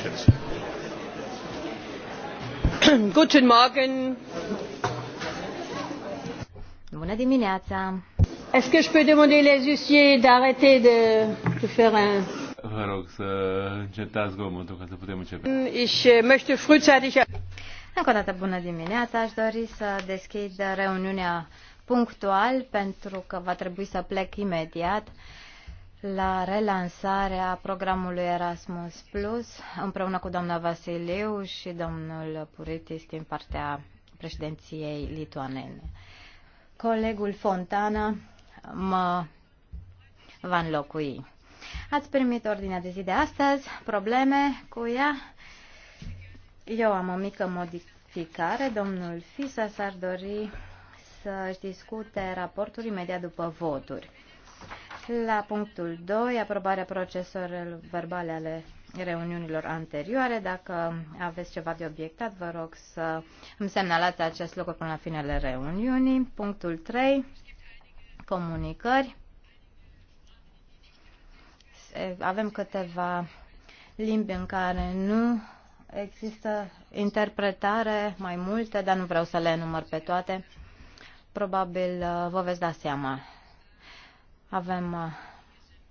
Guten Morgen. Bună dimineața. Est-ce que je peux demander les huissiers d'arrêter de, de faire un Vă rog să încetați zgomotul ca să putem începe. Ich äh, möchte frühzeitig Încă o dată bună dimineața. Aș dori să deschid reuniunea punctual pentru că va trebui să plec imediat. Uh, la relansarea programului Erasmus Plus împreună cu doamna Vasileu și domnul Puritis din partea președinției lituanene. Colegul Fontana mă va înlocui. Ați primit ordinea de zi de astăzi, probleme cu ea. Eu am o mică modificare. Domnul Fisa s-ar dori să-și discute raportul imediat după voturi. La punctul 2, aprobarea procesorilor verbale ale reuniunilor anterioare. Dacă aveți ceva de obiectat, vă rog să îmi semnalați acest lucru până la finele reuniunii. Punctul 3, comunicări. Avem câteva limbi în care nu există interpretare, mai multe, dar nu vreau să le număr pe toate. Probabil uh, vă veți da seama avem uh,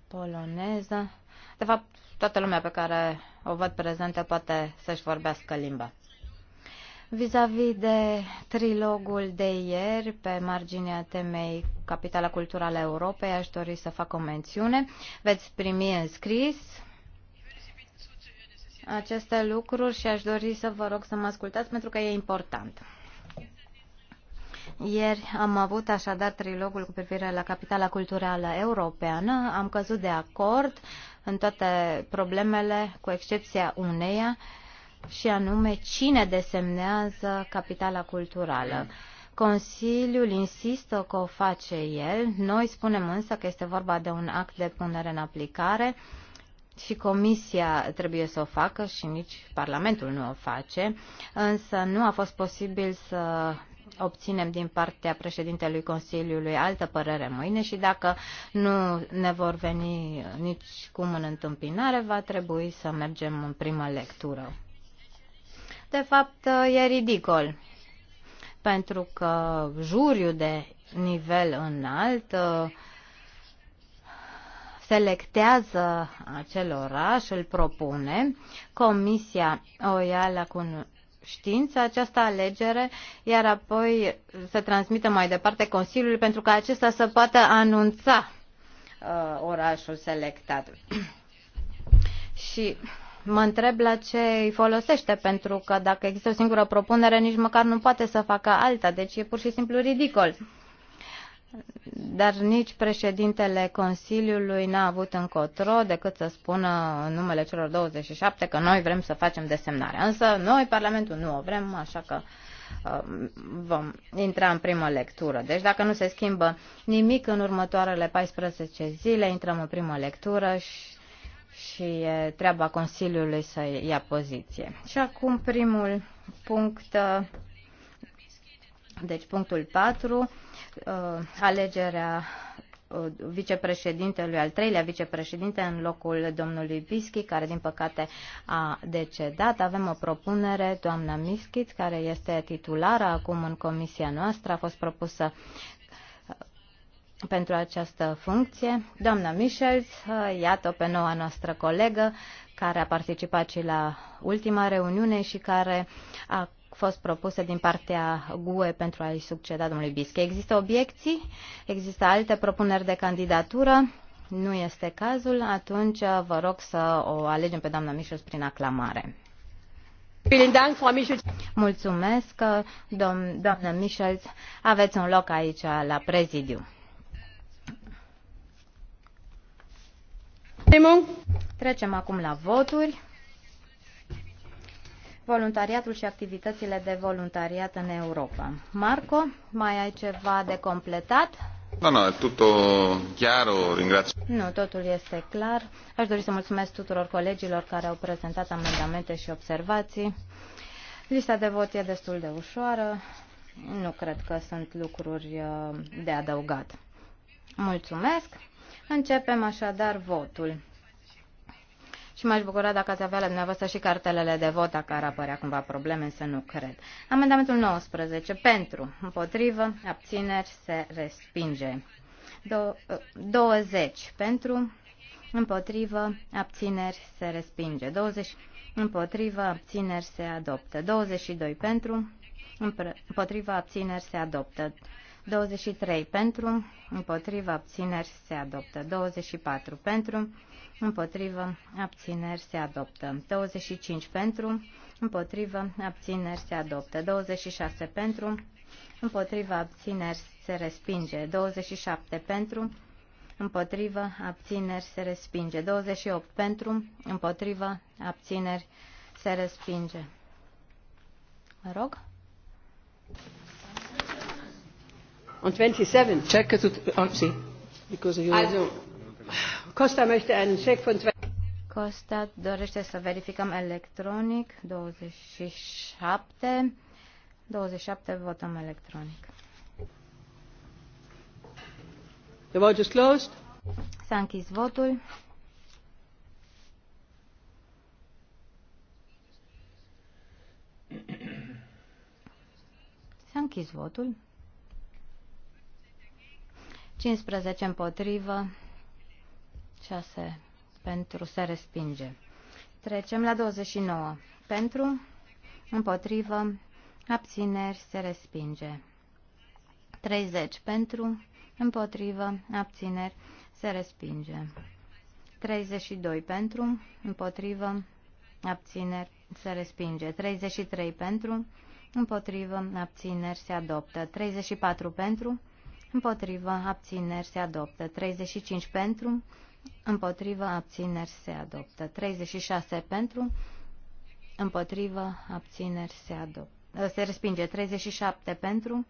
poloneză. De fapt, toată lumea pe care o văd prezentă poate să-și vorbească limba. Vis-a-vis -vis de trilogul de ieri, pe marginea temei Capitala Culturală a Europei, aș dori să fac o mențiune. Veți primi în scris aceste lucruri și aș dori să vă rog să mă ascultați pentru că e important. Ieri am avut așadar trilogul cu privire la capitala culturală europeană. Am căzut de acord în toate problemele, cu excepția uneia, și anume cine desemnează capitala culturală. Consiliul insistă că o face el, noi spunem însă că este vorba de un act de punere în aplicare și Comisia trebuie să o facă și nici Parlamentul nu o face, însă nu a fost posibil să obținem din partea președintelui Consiliului altă părere mâine și dacă nu ne vor veni nici cum în întâmpinare, va trebui să mergem în prima lectură. De fapt, e ridicol, pentru că juriu de nivel înalt uh, selectează acel oraș, îl propune, comisia o ia la știință această alegere, iar apoi să transmită mai departe Consiliului pentru ca acesta să poată anunța uh, orașul selectat. Și mă întreb la ce îi folosește, pentru că dacă există o singură propunere, nici măcar nu poate să facă alta, deci e pur și simplu ridicol dar nici președintele Consiliului n-a avut încotro decât să spună în numele celor 27 că noi vrem să facem desemnarea. Însă noi, Parlamentul, nu o vrem, așa că uh, vom intra în primă lectură. Deci dacă nu se schimbă nimic în următoarele 14 zile, intrăm în primă lectură și, și e treaba Consiliului să ia poziție. Și acum primul punct uh, deci punctul 4, uh, alegerea uh, vicepreședintelui, al treilea vicepreședinte în locul domnului Vischi, care din păcate a decedat. Avem o propunere, doamna Mischiț, care este titulară acum în comisia noastră, a fost propusă uh, pentru această funcție. Doamna Michels, iată pe noua noastră colegă, care a participat și la ultima reuniune și care a fost propuse din partea GUE pentru a-i succeda domnului Bische. Există obiecții? Există alte propuneri de candidatură? Nu este cazul, atunci vă rog să o alegem pe doamna Mișus prin aclamare. Mulțumesc, dom- doamnă Michels. Aveți un loc aici la prezidiu. Trecem acum la voturi voluntariatul și activitățile de voluntariat în Europa. Marco, mai ai ceva de completat? No, no, tutto chiaro, ringrazio. Nu, totul este clar. Aș dori să mulțumesc tuturor colegilor care au prezentat amendamente și observații. Lista de vot e destul de ușoară. Nu cred că sunt lucruri uh, de adăugat. Mulțumesc. Începem așadar votul și m-aș bucura dacă ați avea la dumneavoastră și cartelele de vot dacă ar apărea cumva probleme, să nu cred. Amendamentul 19. Pentru, împotrivă, abțineri, se respinge. Do 20. Pentru, împotrivă, abțineri, se respinge. 20. Împotrivă, abțineri, se adoptă. 22. Pentru, împotrivă, abțineri, se adoptă. 23 pentru, împotriva abțineri se adoptă. 24 pentru, împotrivă, abțineri se adoptă. 25 pentru, împotrivă, abțineri se adoptă. 26 pentru, împotrivă, abțineri se respinge. 27 pentru, împotrivă, abțineri se respinge. 28 pentru, împotrivă, abțineri se respinge. Mă rog. On 27. Check it. Oh, see. Because you. I don't. Costa möchte einen Check von zwei... Costa dorește să verificăm electronic 27. 27 votăm electronic. The vote is closed. S-a închis votul. S-a închis votul. 15 împotrivă, 6 pentru se respinge. Trecem la 29. Pentru, împotrivă, abțineri se respinge. 30. Pentru, împotrivă, abțineri se respinge. 32. Pentru, împotrivă, abțineri se respinge. 33. Pentru, împotrivă, abțineri se adoptă. 34. Pentru, împotrivă, abțineri se adoptă. 35. Pentru, împotrivă, abțineri se adoptă. 36 pentru, împotrivă, abțineri se adoptă. Se respinge 37 pentru,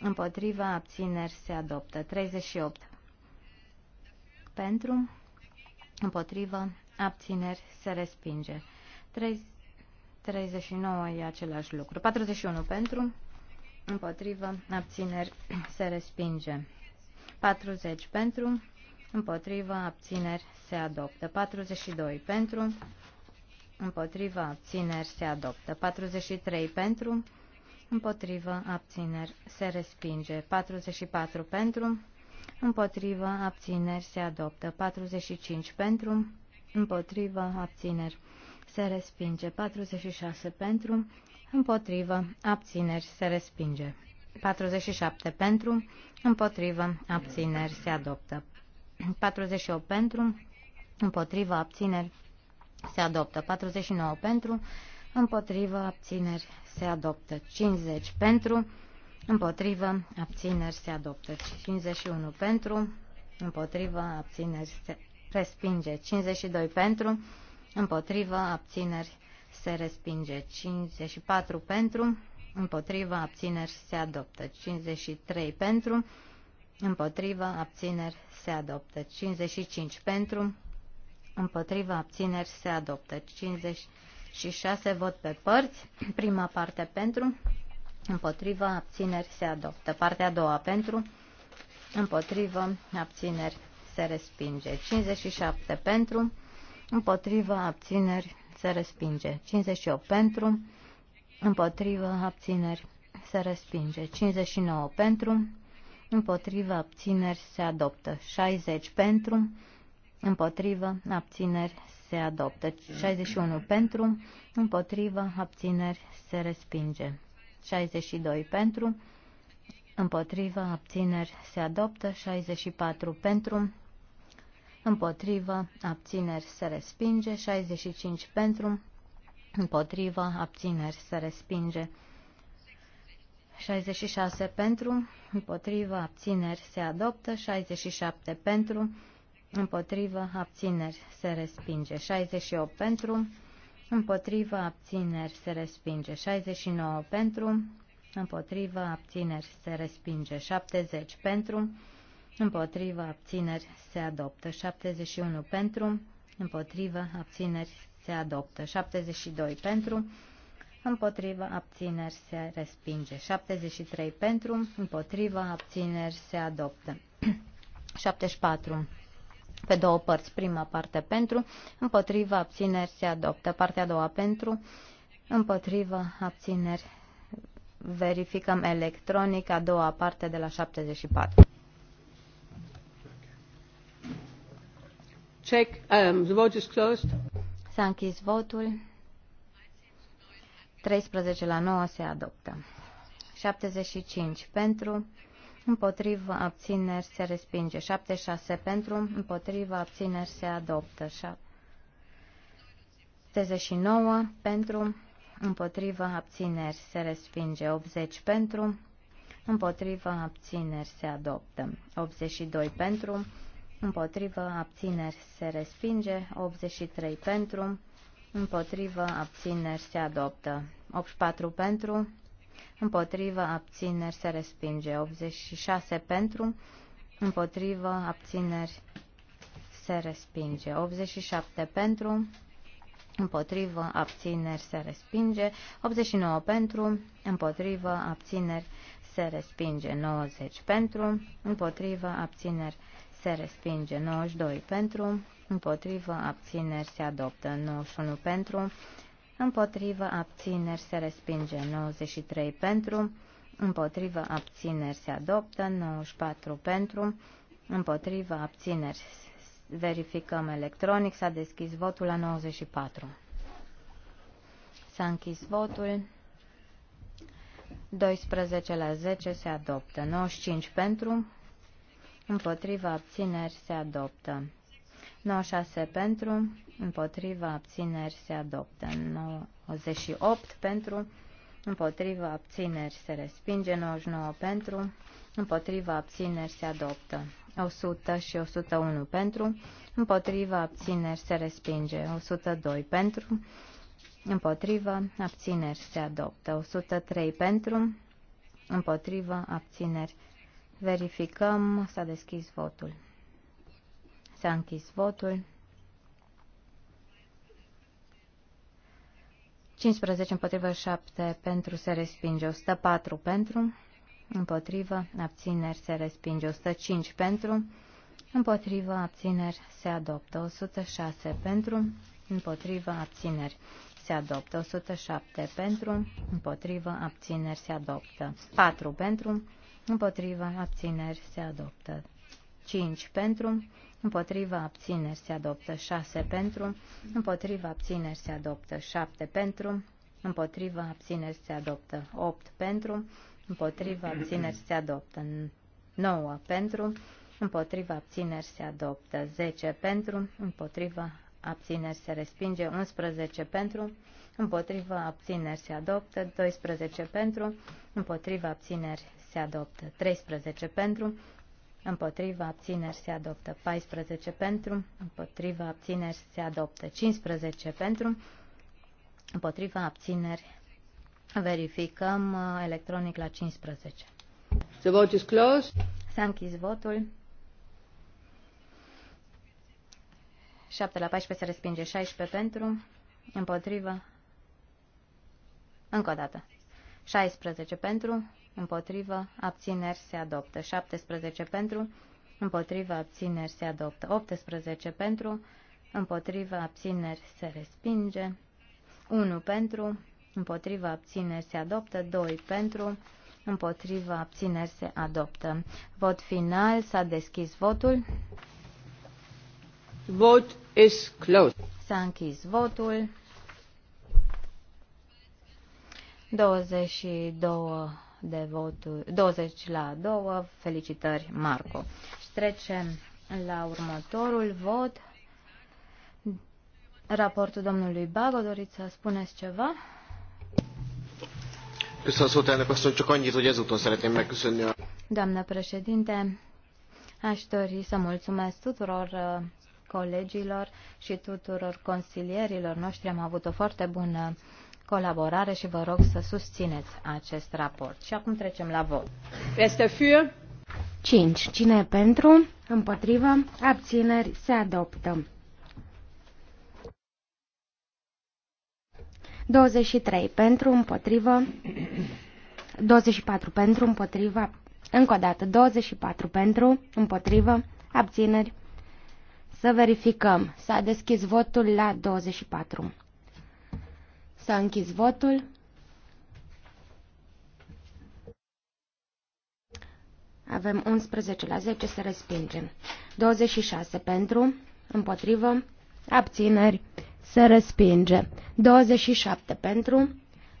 împotrivă, abțineri se adoptă. 38 pentru, împotrivă, abțineri se respinge. 39 e același lucru. 41 pentru, împotrivă, abțineri se respinge. 40 pentru, împotriva abțineri se adoptă. 42 pentru, împotriva abțineri se adoptă. 43 pentru, împotriva abțineri se respinge. 44 pentru, împotriva abțineri se adoptă. 45 pentru, împotriva abțineri se respinge. 46 pentru, Împotriva abțineri se respinge. 47 pentru, Împotriva abțineri se adoptă. 48 pentru, împotriva abțineri se adoptă. 49 pentru, împotriva abțineri se adoptă. 50 pentru, împotriva abțineri se adoptă. 51 pentru, împotriva abțineri se respinge. 52 pentru, împotriva abțineri se respinge. 54 pentru, împotriva abțineri se adoptă. 53 pentru, împotrivă, abțineri, se adoptă. 55 pentru, împotrivă, abțineri, se adoptă. 56 vot pe părți, prima parte pentru, împotrivă, abțineri, se adoptă. Partea a doua pentru, împotrivă, abțineri, se respinge. 57 pentru, împotrivă, abțineri, se respinge. 58 pentru, împotrivă, abțineri, se respinge. 59 pentru, împotriva abțineri se adoptă. 60 pentru, împotriva abțineri se adoptă. 61 pentru, împotriva abțineri se respinge. 62 pentru, împotriva abțineri se adoptă. 64 pentru, împotriva abțineri se respinge. 65 pentru, împotriva abțineri se respinge. 66 pentru, împotrivă, abțineri se adoptă, 67 pentru, împotrivă, abțineri se respinge, 68 pentru, împotrivă, abțineri se respinge, 69 pentru, împotrivă, abțineri se respinge, 70 pentru, împotrivă, abțineri se adoptă, 71 pentru, împotrivă, abțineri se adoptă, 72 pentru, Împotrivă abțineri se respinge. 73 pentru, împotrivă abțineri se adoptă. 74 pe două părți, prima parte pentru, împotrivă abțineri se adoptă, partea a doua pentru, împotrivă abțineri verificăm electronic a doua parte de la 74. Check. Um, the vote is closed. S-a închis votul. 13 la 9 se adoptă. 75 pentru, împotrivă abțineri se respinge. 76 pentru, împotrivă abțineri se adoptă. 79 pentru, împotrivă abțineri se respinge. 80 pentru, împotrivă abțineri se adoptă. 82 pentru, împotrivă abțineri se respinge. 83 pentru, împotrivă, abțineri, se adoptă. 84 pentru, împotrivă, abțineri, se respinge. 86 pentru, împotrivă, abțineri, se respinge. 87 pentru, împotrivă, abțineri, se respinge. 89 pentru, împotrivă, abțineri, se respinge. 90 pentru, împotrivă, abțineri, se se respinge. 92 pentru, împotrivă, abțineri, se adoptă. 91 pentru, împotrivă, abțineri, se respinge. 93 pentru, împotrivă, abțineri, se adoptă. 94 pentru, împotrivă, abțineri, verificăm electronic. S-a deschis votul la 94. S-a închis votul. 12 la 10 se adoptă. 95 pentru, împotriva abțineri se adoptă. 96 pentru, împotriva abțineri se adoptă. 98 pentru, împotriva abțineri se respinge. 99 pentru, împotriva abțineri se adoptă. 100 și 101 pentru, împotriva abțineri se respinge. 102 pentru, împotriva abțineri se adoptă. 103 pentru, împotriva abțineri se adoptă. Verificăm, s-a deschis votul. S-a închis votul. 15 împotrivă 7 pentru se respinge 104 pentru, împotrivă abțineri se respinge 105 pentru, împotrivă abțineri se adoptă 106 pentru, împotrivă abțineri se adoptă 107 pentru, împotrivă abțineri se adoptă 4 pentru, împotriva abțineri se adoptă. 5 pentru, împotriva abțineri se adoptă 6 pentru, împotriva abțineri se adoptă 7 pentru, împotriva abțineri se adoptă 8 pentru, împotriva abțineri se adoptă 9 pentru, împotriva abțineri se adoptă 10 pentru, împotriva abțineri se respinge, 11 pentru, împotrivă abțineri se adoptă, 12 pentru, împotrivă abțineri se adoptă, 13 pentru, împotrivă abțineri se adoptă, 14 pentru, împotrivă abțineri se adoptă, 15 pentru, împotrivă abțineri verificăm uh, electronic la 15. The vote is closed. S-a închis votul. 7 la 14 se respinge. 16 pentru. Împotrivă. Încă o dată. 16 pentru. Împotrivă. Abțineri se adoptă. 17 pentru. Împotrivă. Abțineri se adoptă. 18 pentru. Împotrivă. Abțineri se respinge. 1 pentru. Împotrivă. Abțineri se adoptă. 2 pentru. Împotrivă. Abțineri se adoptă. Vot final. S-a deschis votul. Vote is closed. S-a închis votul. 22 de voturi, 20 la 2. Felicitări, Marco. Și trecem la următorul vot. Raportul domnului Bago, doriți să spuneți ceva? Doamnă președinte, aș dori să mulțumesc tuturor colegilor și tuturor consilierilor noștri. Am avut o foarte bună colaborare și vă rog să susțineți acest raport. Și acum trecem la vot. Este für? 5. Cine e pentru? Împotrivă? Abțineri? Se adoptă. 23. Pentru? Împotrivă? 24. Pentru? Împotrivă? Încă o dată. 24. Pentru? Împotrivă? Abțineri? Să verificăm. S-a deschis votul la 24. S-a închis votul. Avem 11 la 10, se respinge. 26 pentru, împotrivă, abțineri, se respinge. 27 pentru,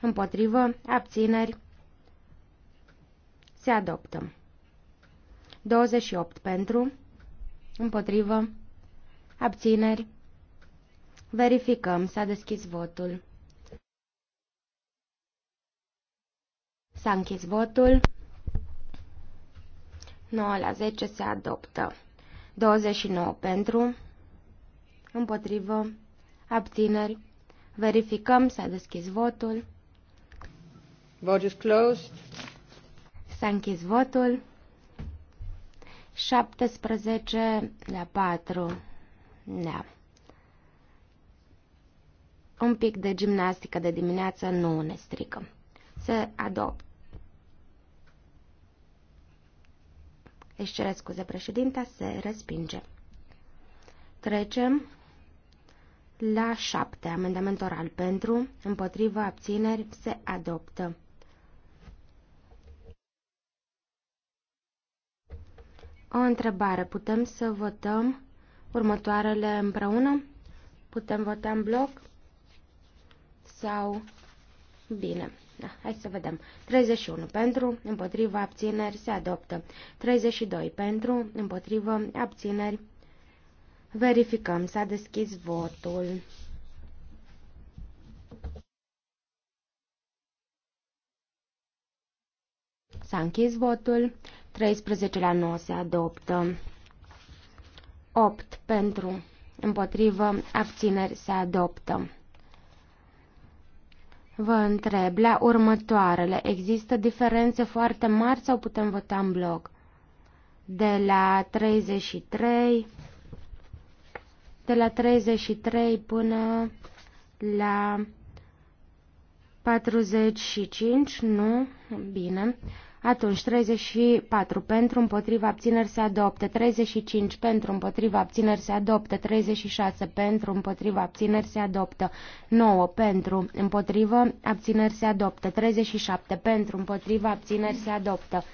împotrivă, abțineri, se adoptă. 28 pentru, împotrivă, Abțineri. Verificăm. S-a deschis votul. S-a închis votul. 9 la 10 se adoptă. 29 pentru. Împotrivă. Abțineri. Verificăm. S-a deschis votul. Vote is closed. S-a închis votul. 17 la 4. Da. Un pic de gimnastică de dimineață nu ne strică. Se adop. Își cere scuze președinta, se respinge. Trecem la șapte. Amendament oral pentru, împotrivă, abțineri, se adoptă. O întrebare. Putem să votăm următoarele împreună? Putem vota în bloc? Sau... Bine. Da, hai să vedem. 31 pentru, împotriva abțineri, se adoptă. 32 pentru, împotriva abțineri. Verificăm. S-a deschis votul. S-a închis votul. 13 la 9 se adoptă. 8 pentru, împotrivă, abțineri se adoptă. Vă întreb, la următoarele există diferențe foarte mari sau putem vota în bloc? De la 33, de la 33 până la 45, nu? Bine. Atunci 34 pentru împotriva abțineri se adoptă, 35 pentru împotriva abțineri se adoptă, 36 pentru împotriva abțineri se adoptă, 9 pentru împotriva abțineri se adoptă, 37 pentru împotriva abțineri se adoptă.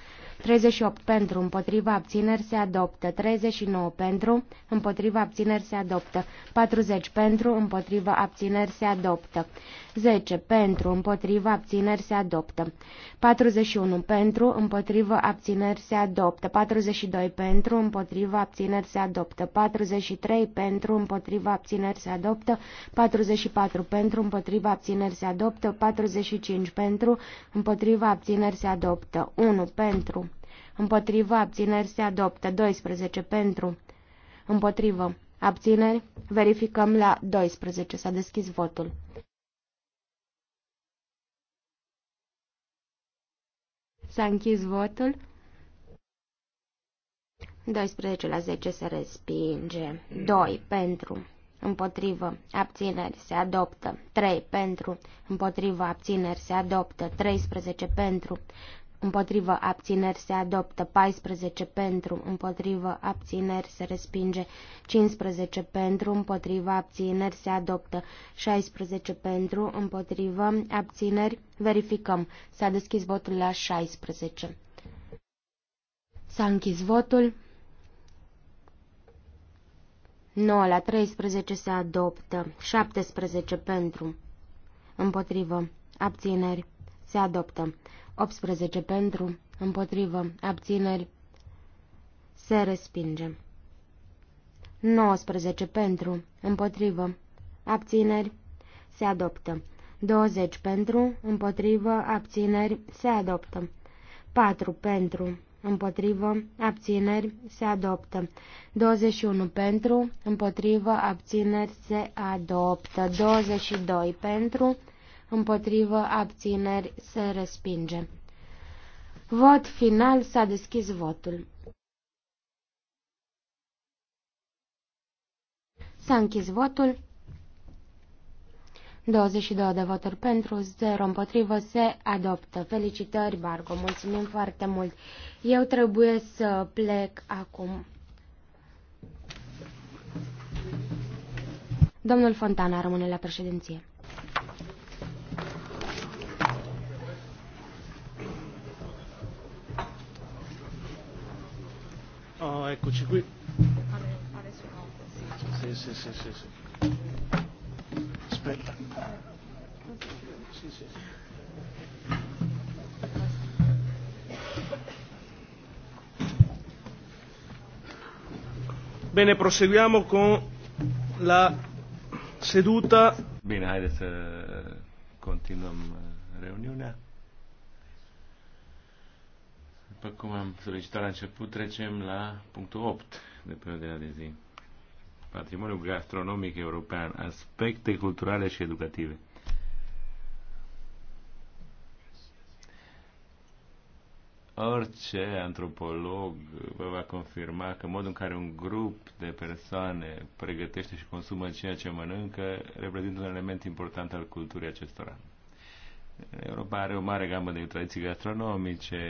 38 pentru, împotriva abțineri se adoptă. 39 pentru, împotriva abțineri se adoptă. 40 pentru, împotriva abțineri se adoptă. 10 pentru, împotriva abțineri se adoptă. 41 pentru, împotriva abțineri se adoptă. 42 pentru, împotriva abțineri se adoptă. 43 pentru, împotriva abțineri se adoptă. 44 pentru, împotriva abțineri se adoptă. 45 pentru, împotriva abțineri se adoptă. 1 pentru Împotrivă, abțineri se adoptă. 12 pentru. Împotrivă. Abțineri. Verificăm la 12. S-a deschis votul. S-a închis votul. 12 la 10 se respinge. 2 pentru. Împotrivă. Abțineri se adoptă. 3 pentru. Împotrivă. Abțineri se adoptă. 13 pentru împotrivă abțineri se adoptă, 14 pentru, împotrivă abțineri se respinge, 15 pentru, împotrivă abțineri se adoptă, 16 pentru, împotrivă abțineri, verificăm. S-a deschis votul la 16. S-a închis votul. 9 la 13 se adoptă, 17 pentru, împotrivă, abțineri, se adoptă. 18 pentru, împotrivă, abțineri, se respinge. 19 pentru, împotrivă, abțineri, se adoptă. 20 pentru, împotrivă, abțineri, se adoptă. 4 pentru, împotrivă, abțineri, se adoptă. 21 pentru, împotrivă, abțineri, se adoptă. 22 pentru, împotrivă, abțineri, se respinge. Vot final, s-a deschis votul. S-a închis votul. 22 de voturi pentru, 0 împotrivă, se adoptă. Felicitări, Bargo, mulțumim foarte mult. Eu trebuie să plec acum. Domnul Fontana rămâne la președinție. Ah, eccoci qui. Sì, sì, sì, sì, sì. Aspetta. Sì, sì. Bene, proseguiamo con la seduta. Bene, adesso continuiamo la eh, reuniunea. După cum am solicitat la început, trecem la punctul 8 de pe ordinea de zi. Patrimoniul gastronomic european, aspecte culturale și educative. Orice antropolog vă va confirma că modul în care un grup de persoane pregătește și consumă ceea ce mănâncă reprezintă un element important al culturii acestora. Europa are o mare gamă de tradiții gastronomice,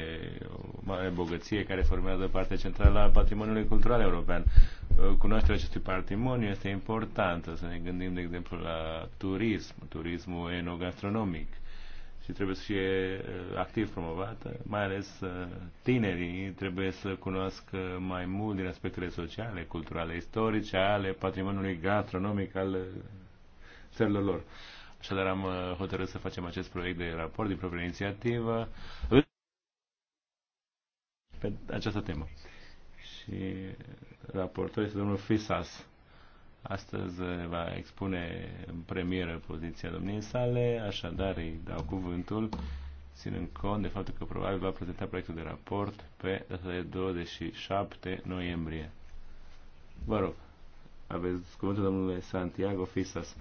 o mare bogăție care formează parte centrală a patrimoniului cultural european. Cunoașterea acestui patrimoniu este importantă, să ne gândim, de exemplu, la turism, turismul enogastronomic și trebuie să fie uh, activ promovată, mai ales uh, tinerii trebuie să cunoască mai mult din aspectele sociale, culturale, istorice ale patrimoniului gastronomic al uh, țărilor lor. Așadar am uh, hotărât să facem acest proiect de raport din proprie inițiativă pe această temă. Și raportor este domnul Fisas. Astăzi uh, va expune în premieră poziția domniei sale, așadar îi dau cuvântul, ținând cont de faptul că probabil va prezenta proiectul de raport pe data de 27 noiembrie. Vă rog, aveți cuvântul domnului Santiago Fisas.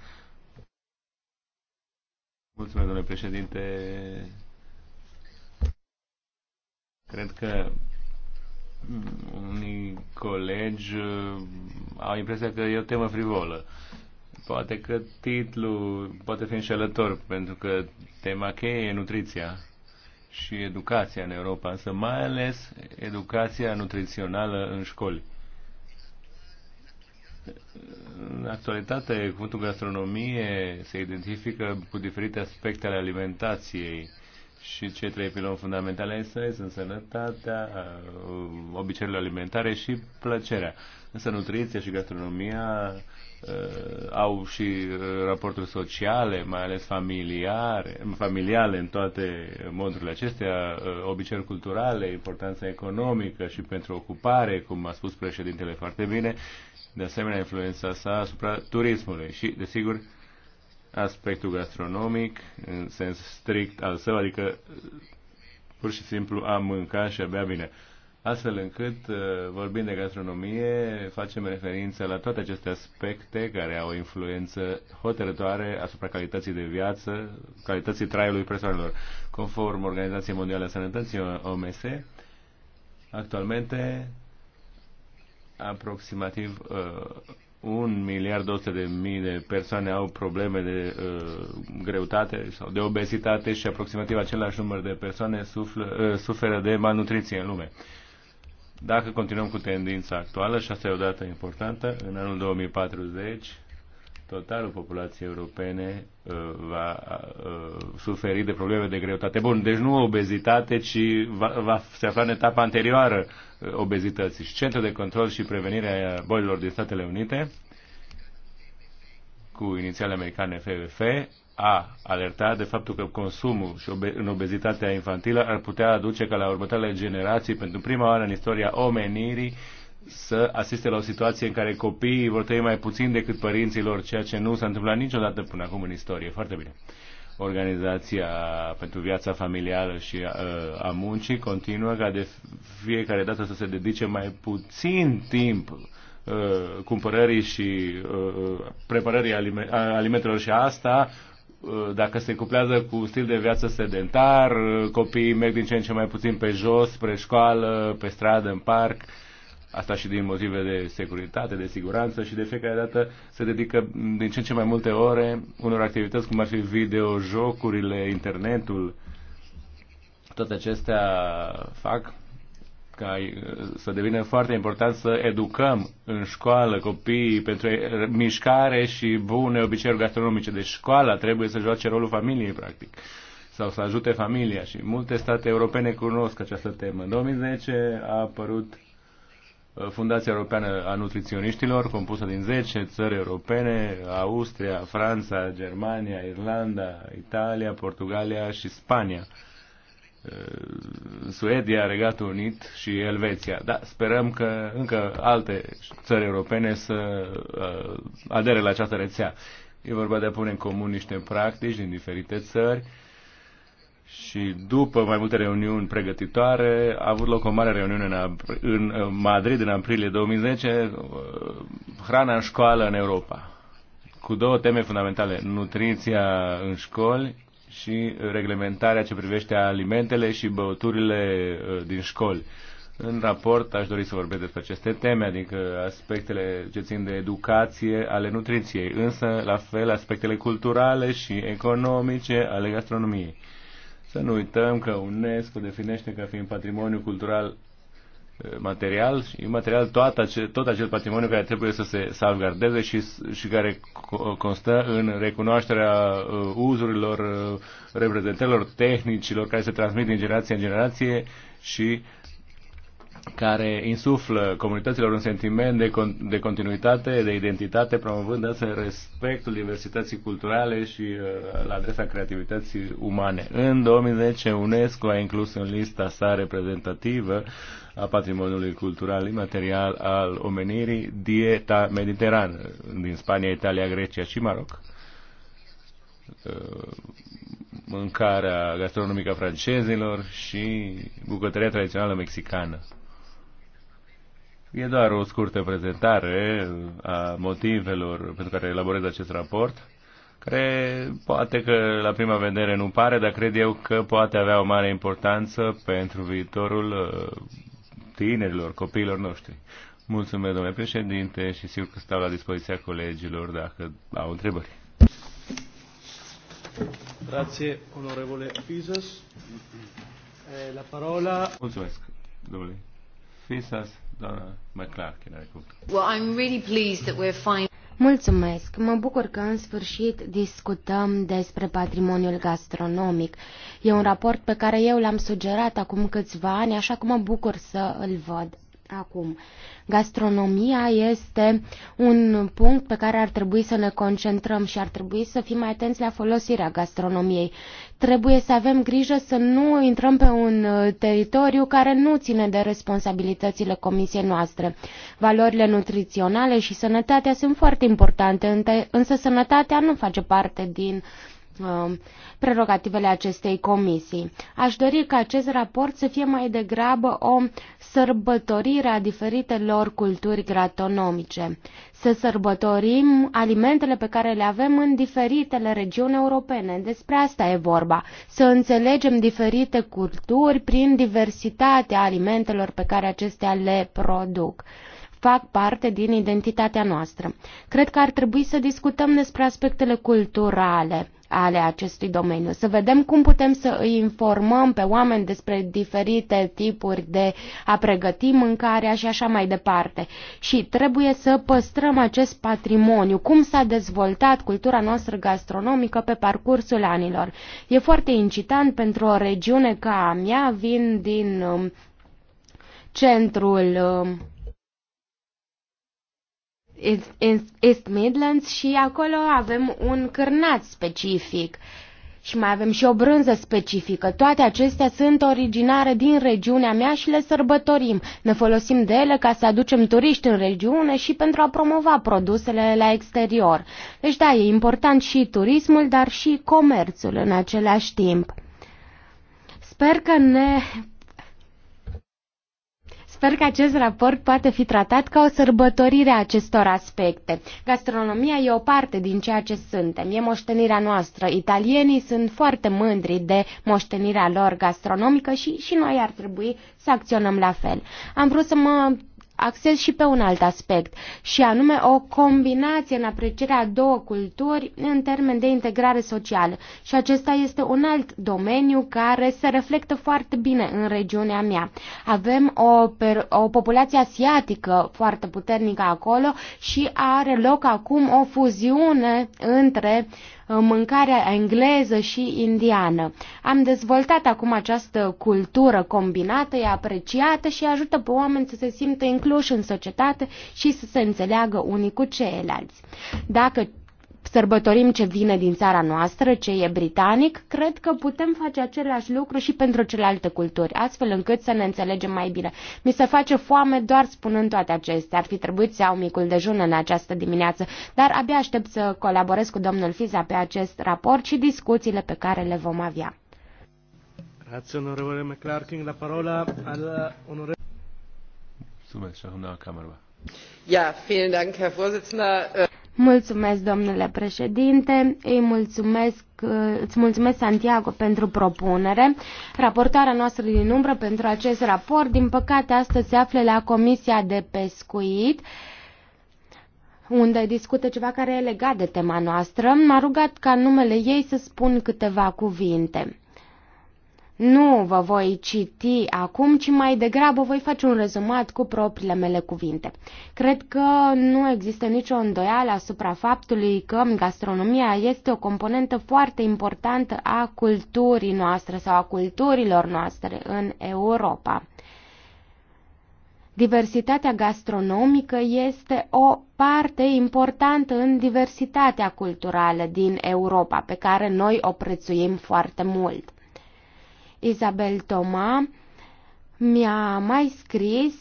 Mulțumesc, domnule președinte. Cred că unii colegi uh, au impresia că e o temă frivolă. Poate că titlul poate fi înșelător, pentru că tema cheie e nutriția și educația în Europa, însă mai ales educația nutrițională în școli. În actualitate, cuvântul gastronomie se identifică cu diferite aspecte ale alimentației și cei trei piloni fundamentale ai săi sunt sănătatea, uh, obiceiurile alimentare și plăcerea. Însă nutriția și gastronomia uh, au și uh, raporturi sociale, mai ales familiare, familiale în toate modurile acestea, uh, obiceiuri culturale, importanța economică și pentru ocupare, cum a spus președintele foarte bine, de asemenea influența sa asupra turismului și, desigur, aspectul gastronomic în sens strict al său, adică pur și simplu a mânca și a bea bine. Astfel încât, uh, vorbind de gastronomie, facem referință la toate aceste aspecte care au o influență hotărătoare asupra calității de viață, calității traiului persoanelor. Conform Organizației Mondiale a Sănătății, OMS, actualmente aproximativ uh, un miliard 200 de mii de persoane au probleme de uh, greutate sau de obezitate și aproximativ același număr de persoane suflă, uh, suferă de malnutriție în lume. Dacă continuăm cu tendința actuală, și asta e o dată importantă, în anul 2040 totalul populației europene uh, va uh, suferi de probleme de greutate. Bun, deci nu obezitate, ci va, va se afla în etapa anterioară uh, obezității. Și Centrul de Control și Prevenire a Bolilor din Statele Unite, cu inițiale americane FFF, a alertat de faptul că consumul și obe- în obezitatea infantilă ar putea aduce ca la următoarele generații, pentru prima oară în istoria omenirii, să asiste la o situație în care copiii vor trăi mai puțin decât părinților, ceea ce nu s-a întâmplat niciodată până acum în istorie. Foarte bine. Organizația pentru viața familială și a, uh, a muncii continuă ca de fiecare dată să se dedice mai puțin timp uh, cumpărării și uh, uh preparării alime alimentelor și asta uh, dacă se cuplează cu stil de viață sedentar, copiii merg din ce în ce mai puțin pe jos, spre școală, pe stradă, în parc, Asta și din motive de securitate, de siguranță și de fiecare dată se dedică din ce în ce mai multe ore unor activități cum ar fi videojocurile, internetul. Toate acestea fac ca eh, să devină foarte important să educăm în școală copiii pentru eh, mișcare și bune obiceiuri gastronomice. Deci școala trebuie să joace rolul familiei, practic, sau să ajute familia. Și multe state europene cunosc această temă. În 2010 a apărut Fundația Europeană a Nutriționiștilor, compusă din 10 țări europene, Austria, Franța, Germania, Irlanda, Italia, Portugalia și Spania. Eh, Suedia, Regatul Unit și Elveția. Da, sperăm că încă alte țări europene să eh, adere la această rețea. E vorba de a pune în comun niște practici din diferite țări și după mai multe reuniuni pregătitoare, a avut loc o mare reuniune în, în uh, Madrid în aprilie 2010, uh, hrana în școală în Europa, cu două teme fundamentale, nutriția în școli și reglementarea ce privește alimentele și băuturile uh, din școli. În raport aș dori să vorbesc despre aceste teme, adică aspectele ce țin de educație ale nutriției, însă la fel aspectele culturale și economice ale gastronomiei. Să nu uităm că UNESCO definește ca fiind patrimoniu cultural eh, material și imaterial tot acel, tot acel patrimoniu care trebuie să se salvgardeze și, și care constă în recunoașterea eh, uzurilor, eh, reprezentărilor, tehnicilor care se transmit din generație în generație și care insuflă comunităților un sentiment de, con- de continuitate, de identitate, promovând astfel respectul diversității culturale și uh, la adresa creativității umane. În 2010, UNESCO a inclus în lista sa reprezentativă a patrimoniului cultural imaterial al omenirii dieta mediterană din Spania, Italia, Grecia și Maroc. Uh, mâncarea gastronomică a francezilor și bucătăria tradițională mexicană. E doar o scurtă prezentare a motivelor pentru care elaborez acest raport, care poate că la prima vedere nu pare, dar cred eu că poate avea o mare importanță pentru viitorul uh, tinerilor, copiilor noștri. Mulțumesc, domnule președinte, și sigur că stau la dispoziția colegilor dacă au întrebări. Grazie, onorevole Fisas. Eh, la parola... Mulțumesc, domnule Fisas. Doamna Mulțumesc! Mă bucur că în sfârșit discutăm despre patrimoniul gastronomic. E un raport pe care eu l-am sugerat acum câțiva ani, așa că mă bucur să îl văd acum. Gastronomia este un punct pe care ar trebui să ne concentrăm și ar trebui să fim mai atenți la folosirea gastronomiei. Trebuie să avem grijă să nu intrăm pe un uh, teritoriu care nu ține de responsabilitățile comisiei noastre. Valorile nutriționale și sănătatea sunt foarte importante, însă sănătatea nu face parte din uh, Um, prerogativele acestei comisii. Aș dori ca acest raport să fie mai degrabă o sărbătorire a diferitelor culturi gratonomice, să sărbătorim alimentele pe care le avem în diferitele regiuni europene. Despre asta e vorba, să înțelegem diferite culturi prin diversitatea alimentelor pe care acestea le produc fac parte din identitatea noastră. Cred că ar trebui să discutăm despre aspectele culturale ale acestui domeniu. Să vedem cum putem să îi informăm pe oameni despre diferite tipuri de a pregăti mâncarea și așa mai departe. Și trebuie să păstrăm acest patrimoniu, cum s-a dezvoltat cultura noastră gastronomică pe parcursul anilor. E foarte incitant pentru o regiune ca a mea, vin din um, centrul um, East Midlands și acolo avem un cârnat specific și mai avem și o brânză specifică. Toate acestea sunt originare din regiunea mea și le sărbătorim. Ne folosim de ele ca să aducem turiști în regiune și pentru a promova produsele la exterior. Deci da, e important și turismul, dar și comerțul în același timp. Sper că ne Sper că acest raport poate fi tratat ca o sărbătorire a acestor aspecte. Gastronomia e o parte din ceea ce suntem, e moștenirea noastră. Italienii sunt foarte mândri de moștenirea lor gastronomică și, și noi ar trebui să acționăm la fel. Am vrut să mă acces și pe un alt aspect, și anume o combinație în aprecierea două culturi în termen de integrare socială. Și acesta este un alt domeniu care se reflectă foarte bine în regiunea mea. Avem o, o populație asiatică foarte puternică acolo și are loc acum o fuziune între uh, Uh, mâncarea engleză și indiană. Am dezvoltat acum această cultură combinată, e apreciată și ajută pe oameni să se simtă incluși în societate și să se înțeleagă unii cu ceilalți. Dacă sărbătorim ce vine din țara noastră, ce e britanic, cred că putem face același lucru și pentru celelalte culturi, astfel încât să ne înțelegem mai bine. Mi se face foame doar spunând toate acestea. Ar fi trebuit să iau micul dejun în această dimineață, dar abia aștept să colaborez cu domnul Fiza pe acest raport și discuțiile pe care le vom avea. Grazie, onorevole McClarkin. La parola al onorevole... Mulțumesc, doamna Camerva. Mulțumesc, domnule președinte, îi mulțumesc, îți mulțumesc, Santiago, pentru propunere. Raportarea noastră din umbră pentru acest raport, din păcate, astăzi se află la Comisia de Pescuit, unde discută ceva care e legat de tema noastră. M-a rugat ca numele ei să spun câteva cuvinte. Nu vă voi citi acum, ci mai degrabă voi face un rezumat cu propriile mele cuvinte. Cred că nu există nicio îndoială asupra faptului că gastronomia este o componentă foarte importantă a culturii noastre sau a culturilor noastre în Europa. Diversitatea gastronomică este o parte importantă în diversitatea culturală din Europa, pe care noi o prețuim foarte mult. Isabel Toma mi-a mai scris,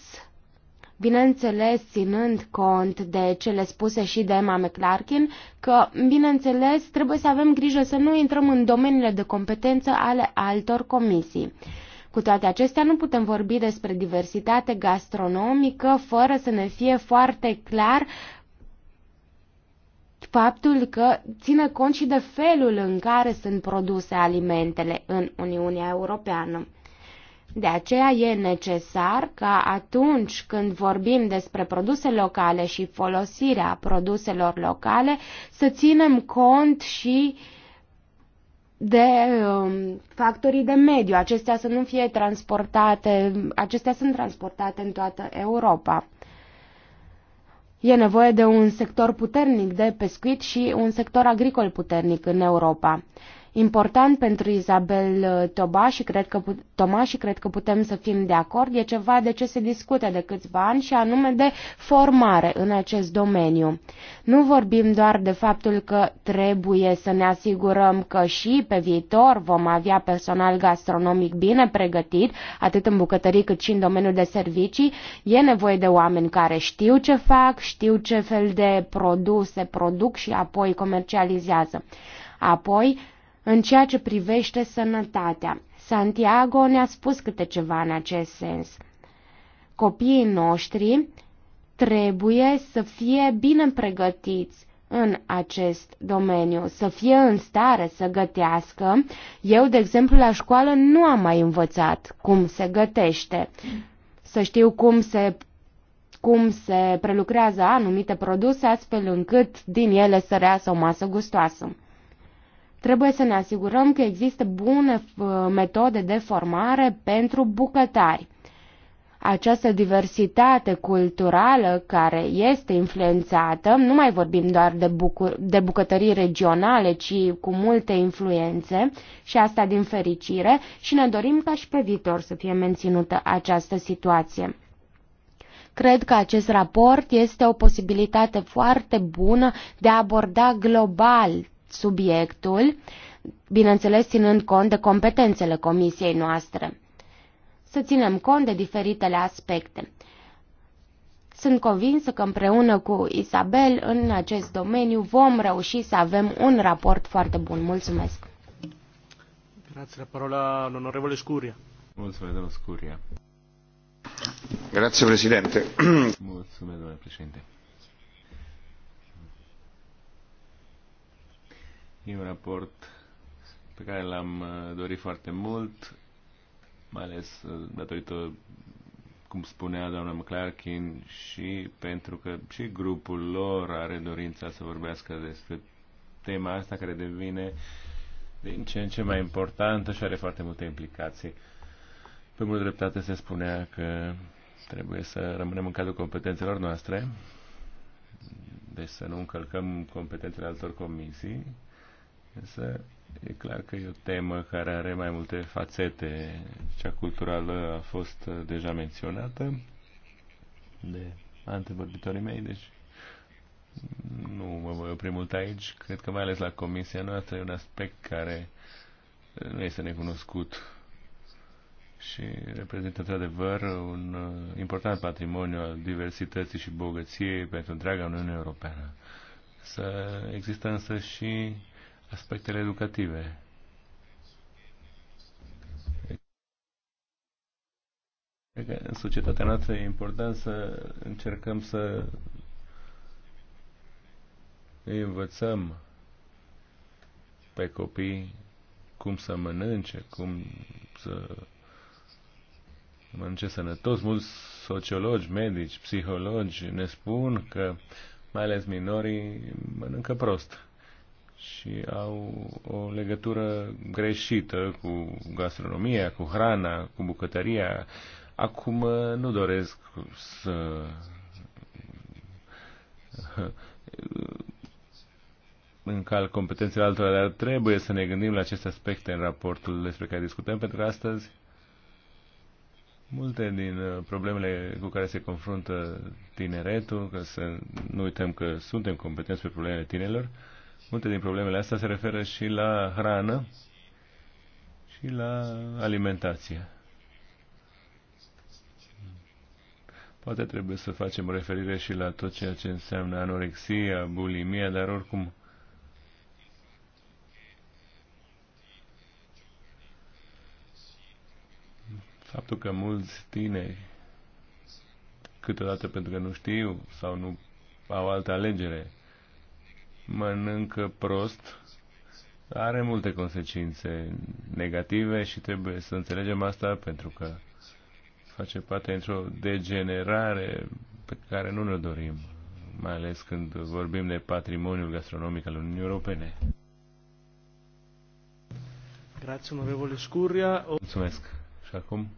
bineînțeles ținând cont de cele spuse și de Emma McClarkin, că, bineînțeles, trebuie să avem grijă să nu intrăm în domeniile de competență ale altor comisii. Cu toate acestea, nu putem vorbi despre diversitate gastronomică fără să ne fie foarte clar faptul că ține cont și de felul în care sunt produse alimentele în Uniunea Europeană. De aceea e necesar ca atunci când vorbim despre produse locale și folosirea produselor locale să ținem cont și de um, factorii de mediu. Acestea să nu fie transportate, acestea sunt transportate în toată Europa. E nevoie de un sector puternic de pescuit și un sector agricol puternic în Europa important pentru Isabel uh, Toba și, cred că, Toma și cred că putem să fim de acord. E ceva de ce se discute de câțiva ani și anume de formare în acest domeniu. Nu vorbim doar de faptul că trebuie să ne asigurăm că și pe viitor vom avea personal gastronomic bine pregătit, atât în bucătării cât și în domeniul de servicii. E nevoie de oameni care știu ce fac, știu ce fel de produse produc și apoi comercializează. Apoi, în ceea ce privește sănătatea, Santiago ne-a spus câte ceva în acest sens. Copiii noștri trebuie să fie bine pregătiți în acest domeniu, să fie în stare să gătească. Eu, de exemplu, la școală nu am mai învățat cum se gătește, să știu cum se cum se prelucrează anumite produse astfel încât din ele să reasă o masă gustoasă. Trebuie să ne asigurăm că există bune uh, metode de formare pentru bucătari. Această diversitate culturală care este influențată, nu mai vorbim doar de, bucu- de bucătării regionale, ci cu multe influențe și asta din fericire și ne dorim ca și pe viitor să fie menținută această situație. Cred că acest raport este o posibilitate foarte bună de a aborda global subiectul, bineînțeles ținând cont de competențele comisiei noastre. Să ținem cont de diferitele aspecte. Sunt convinsă că împreună cu Isabel în acest domeniu vom reuși să avem un raport foarte bun. Mulțumesc! Grazie, la parola l'onorevole Scuria. Mulțumesc, domnul Scuria. Grazie, președinte. Mulțumesc, domnule președinte. E un raport pe care l-am uh, dorit foarte mult, mai ales uh, datorită, cum spunea doamna McClarkin, și pentru că și grupul lor are dorința să vorbească despre tema asta care devine din ce în ce mai importantă și are foarte multe implicații. Pe mult dreptate se spunea că trebuie să rămânem în cadrul competențelor noastre, deci să nu încălcăm competențele altor comisii, Însă e clar că e o temă care are mai multe fațete. Cea culturală a fost uh, deja menționată de antevorbitorii mei, deci nu mă voi opri mult aici. Cred că mai ales la comisia noastră e un aspect care uh, nu este necunoscut și reprezintă într-adevăr un uh, important patrimoniu al diversității și bogăției pentru întreaga Uniune Europeană. Să există însă și aspectele educative. Cred că în societatea noastră e important să încercăm să îi învățăm pe copii cum să mănânce, cum să mănânce sănătos. Mulți sociologi, medici, psihologi ne spun că mai ales minorii mănâncă prost și au o legătură greșită cu gastronomia, cu hrana, cu bucătăria. Acum uh, nu doresc să uh, încalc competențele altora, dar trebuie să ne gândim la aceste aspecte în raportul despre care discutăm, pentru că astăzi multe din uh, problemele cu care se confruntă tineretul, că să nu uităm că suntem competenți pe problemele tinerilor, Multe din problemele astea se referă și la hrană și la alimentație. Poate trebuie să facem referire și la tot ceea ce înseamnă anorexia, bulimia, dar oricum faptul că mulți tineri câteodată pentru că nu știu sau nu au altă alegere mănâncă prost are multe consecințe negative și trebuie să înțelegem asta pentru că face parte într-o degenerare pe care nu ne dorim, mai ales când vorbim de patrimoniul gastronomic al Uniunii Europene. Grazie, onorevole Scurria. Mulțumesc. Și acum,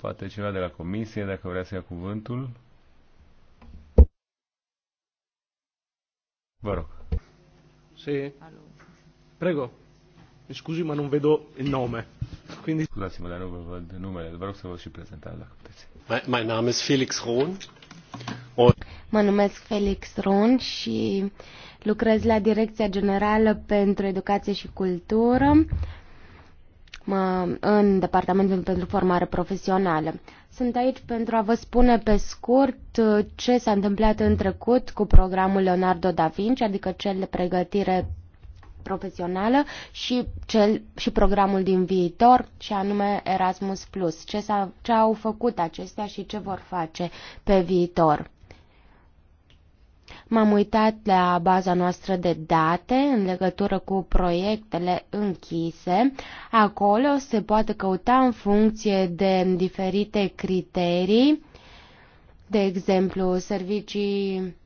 poate cineva de la Comisie, dacă vrea să ia cuvântul. Vă rog. Sì. Prego. Scusi, ma non vedo il nome. Quindi... Scusate, mă non vedo il nome. numele. Vă rog să vă și prezentați, dacă puteți. My, my name is Felix Rohn. O... Mă numesc Felix Rohn și lucrez la Direcția Generală pentru Educație și Cultură. Mm în Departamentul pentru Formare Profesională. Sunt aici pentru a vă spune pe scurt uh, ce s-a întâmplat în trecut cu programul Leonardo da Vinci, adică cel de pregătire profesională și, cel, și programul din viitor, și anume Erasmus+. Ce, ce au făcut acestea și ce vor face pe viitor. M-am uitat la baza noastră de date în legătură cu proiectele închise. Acolo se poate căuta în funcție de diferite criterii, de exemplu, servicii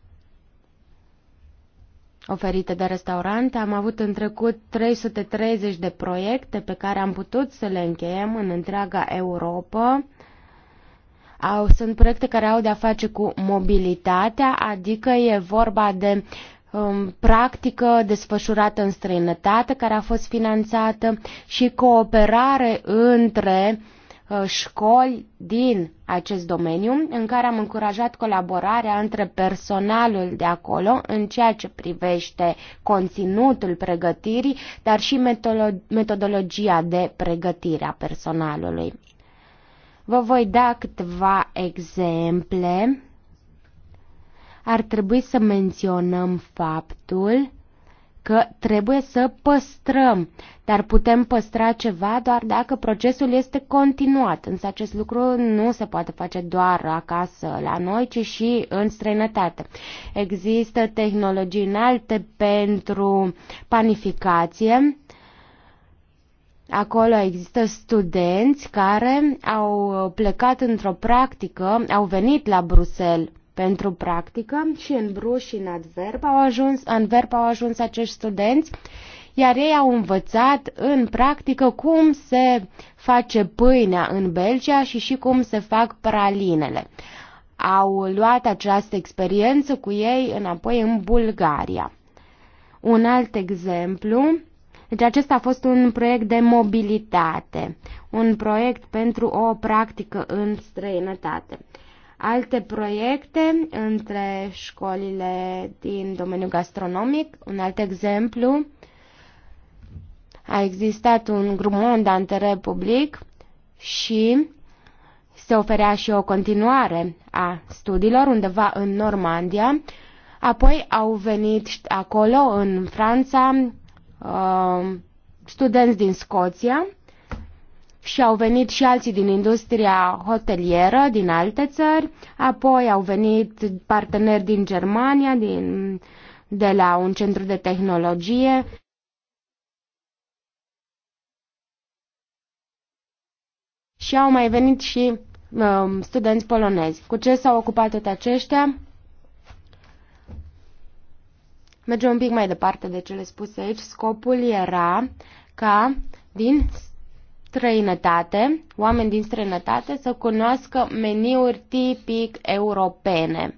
oferite de restaurante. Am avut în trecut 330 de proiecte pe care am putut să le încheiem în întreaga Europa. Au, sunt proiecte care au de-a face cu mobilitatea, adică e vorba de um, practică desfășurată în străinătate care a fost finanțată și cooperare între uh, școli din acest domeniu, în care am încurajat colaborarea între personalul de acolo în ceea ce privește conținutul pregătirii, dar și metodologia de pregătire a personalului. Vă voi da câteva exemple. Ar trebui să menționăm faptul că trebuie să păstrăm, dar putem păstra ceva doar dacă procesul este continuat. Însă acest lucru nu se poate face doar acasă la noi, ci și în străinătate. Există tehnologii înalte pentru panificație, Acolo există studenți care au plecat într-o practică, au venit la Bruxelles pentru practică și în Bru și în Adverb au ajuns, Anverp au ajuns acești studenți, iar ei au învățat în practică cum se face pâinea în Belgia și și cum se fac pralinele. Au luat această experiență cu ei înapoi în Bulgaria. Un alt exemplu deci acesta a fost un proiect de mobilitate, un proiect pentru o practică în străinătate. Alte proiecte între școlile din domeniul gastronomic, un alt exemplu, a existat un grup Mondantele Republic și se oferea și o continuare a studiilor undeva în Normandia. Apoi au venit acolo, în Franța, uh, studenți din Scoția și au venit și alții din industria hotelieră din alte țări, apoi au venit parteneri din Germania, din, de la un centru de tehnologie. Și au mai venit și um, studenți polonezi. Cu ce s-au ocupat toate aceștia? Mergem un pic mai departe de cele spuse aici. Scopul era ca din străinătate, oameni din străinătate să cunoască meniuri tipic europene.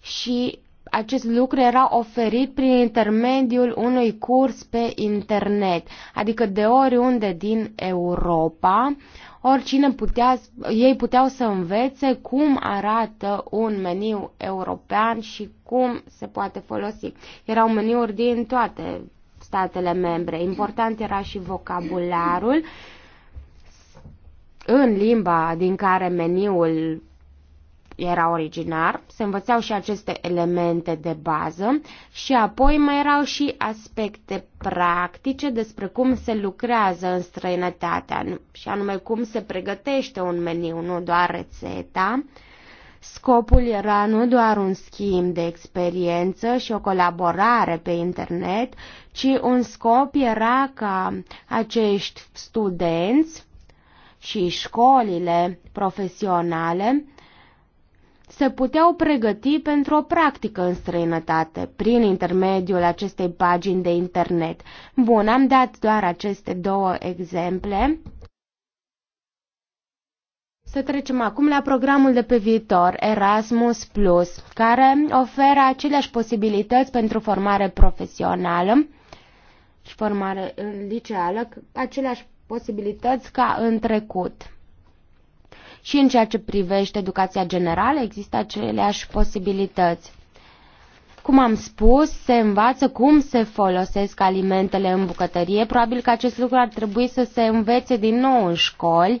Și acest lucru era oferit prin intermediul unui curs pe internet, adică de oriunde din Europa, oricine putea, ei puteau să învețe cum arată un meniu european și cum se poate folosi. Erau meniuri din toate statele membre. Important era și vocabularul în limba din care meniul era originar, se învățau și aceste elemente de bază și apoi mai erau și aspecte practice despre cum se lucrează în străinătatea și anume cum se pregătește un meniu, nu doar rețeta. Scopul era nu doar un schimb de experiență și o colaborare pe internet, ci un scop era ca acești studenți și școlile profesionale se puteau pregăti pentru o practică în străinătate, prin intermediul acestei pagini de internet. Bun, am dat doar aceste două exemple. Să trecem acum la programul de pe viitor, Erasmus Plus, care oferă aceleași posibilități pentru formare profesională și formare liceală, aceleași posibilități ca în trecut. Și în ceea ce privește educația generală există aceleași posibilități. Cum am spus, se învață cum se folosesc alimentele în bucătărie. Probabil că acest lucru ar trebui să se învețe din nou în școli.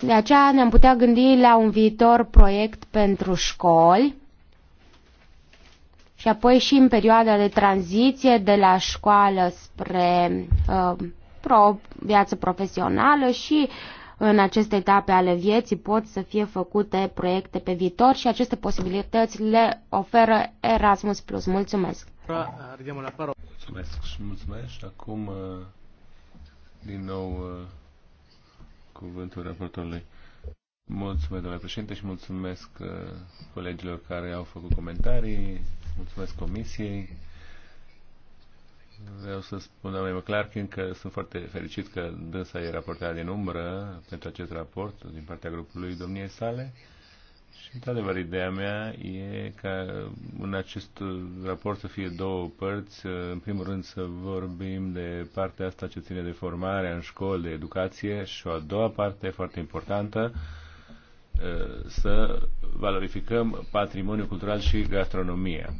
De aceea ne-am putea gândi la un viitor proiect pentru școli și apoi și în perioada de tranziție de la școală spre uh, pro, viață profesională și în aceste etape ale vieții pot să fie făcute proiecte pe viitor și aceste posibilități le oferă Erasmus+. plus Mulțumesc! Mulțumesc și mulțumesc și acum uh, din nou uh, cuvântul raportorului. Mulțumesc, domnule președinte, și mulțumesc uh, colegilor care au făcut comentarii, mulțumesc comisiei Vreau să spun, doamne McClarkin, că sunt foarte fericit că dânsa e raportat din umbră pentru acest raport din partea grupului domniei sale. Și, într-adevăr, ideea mea e ca în acest raport să fie două părți. În primul rând să vorbim de partea asta ce ține de formare în școli, de educație și o a doua parte foarte importantă, să valorificăm patrimoniul cultural și gastronomia.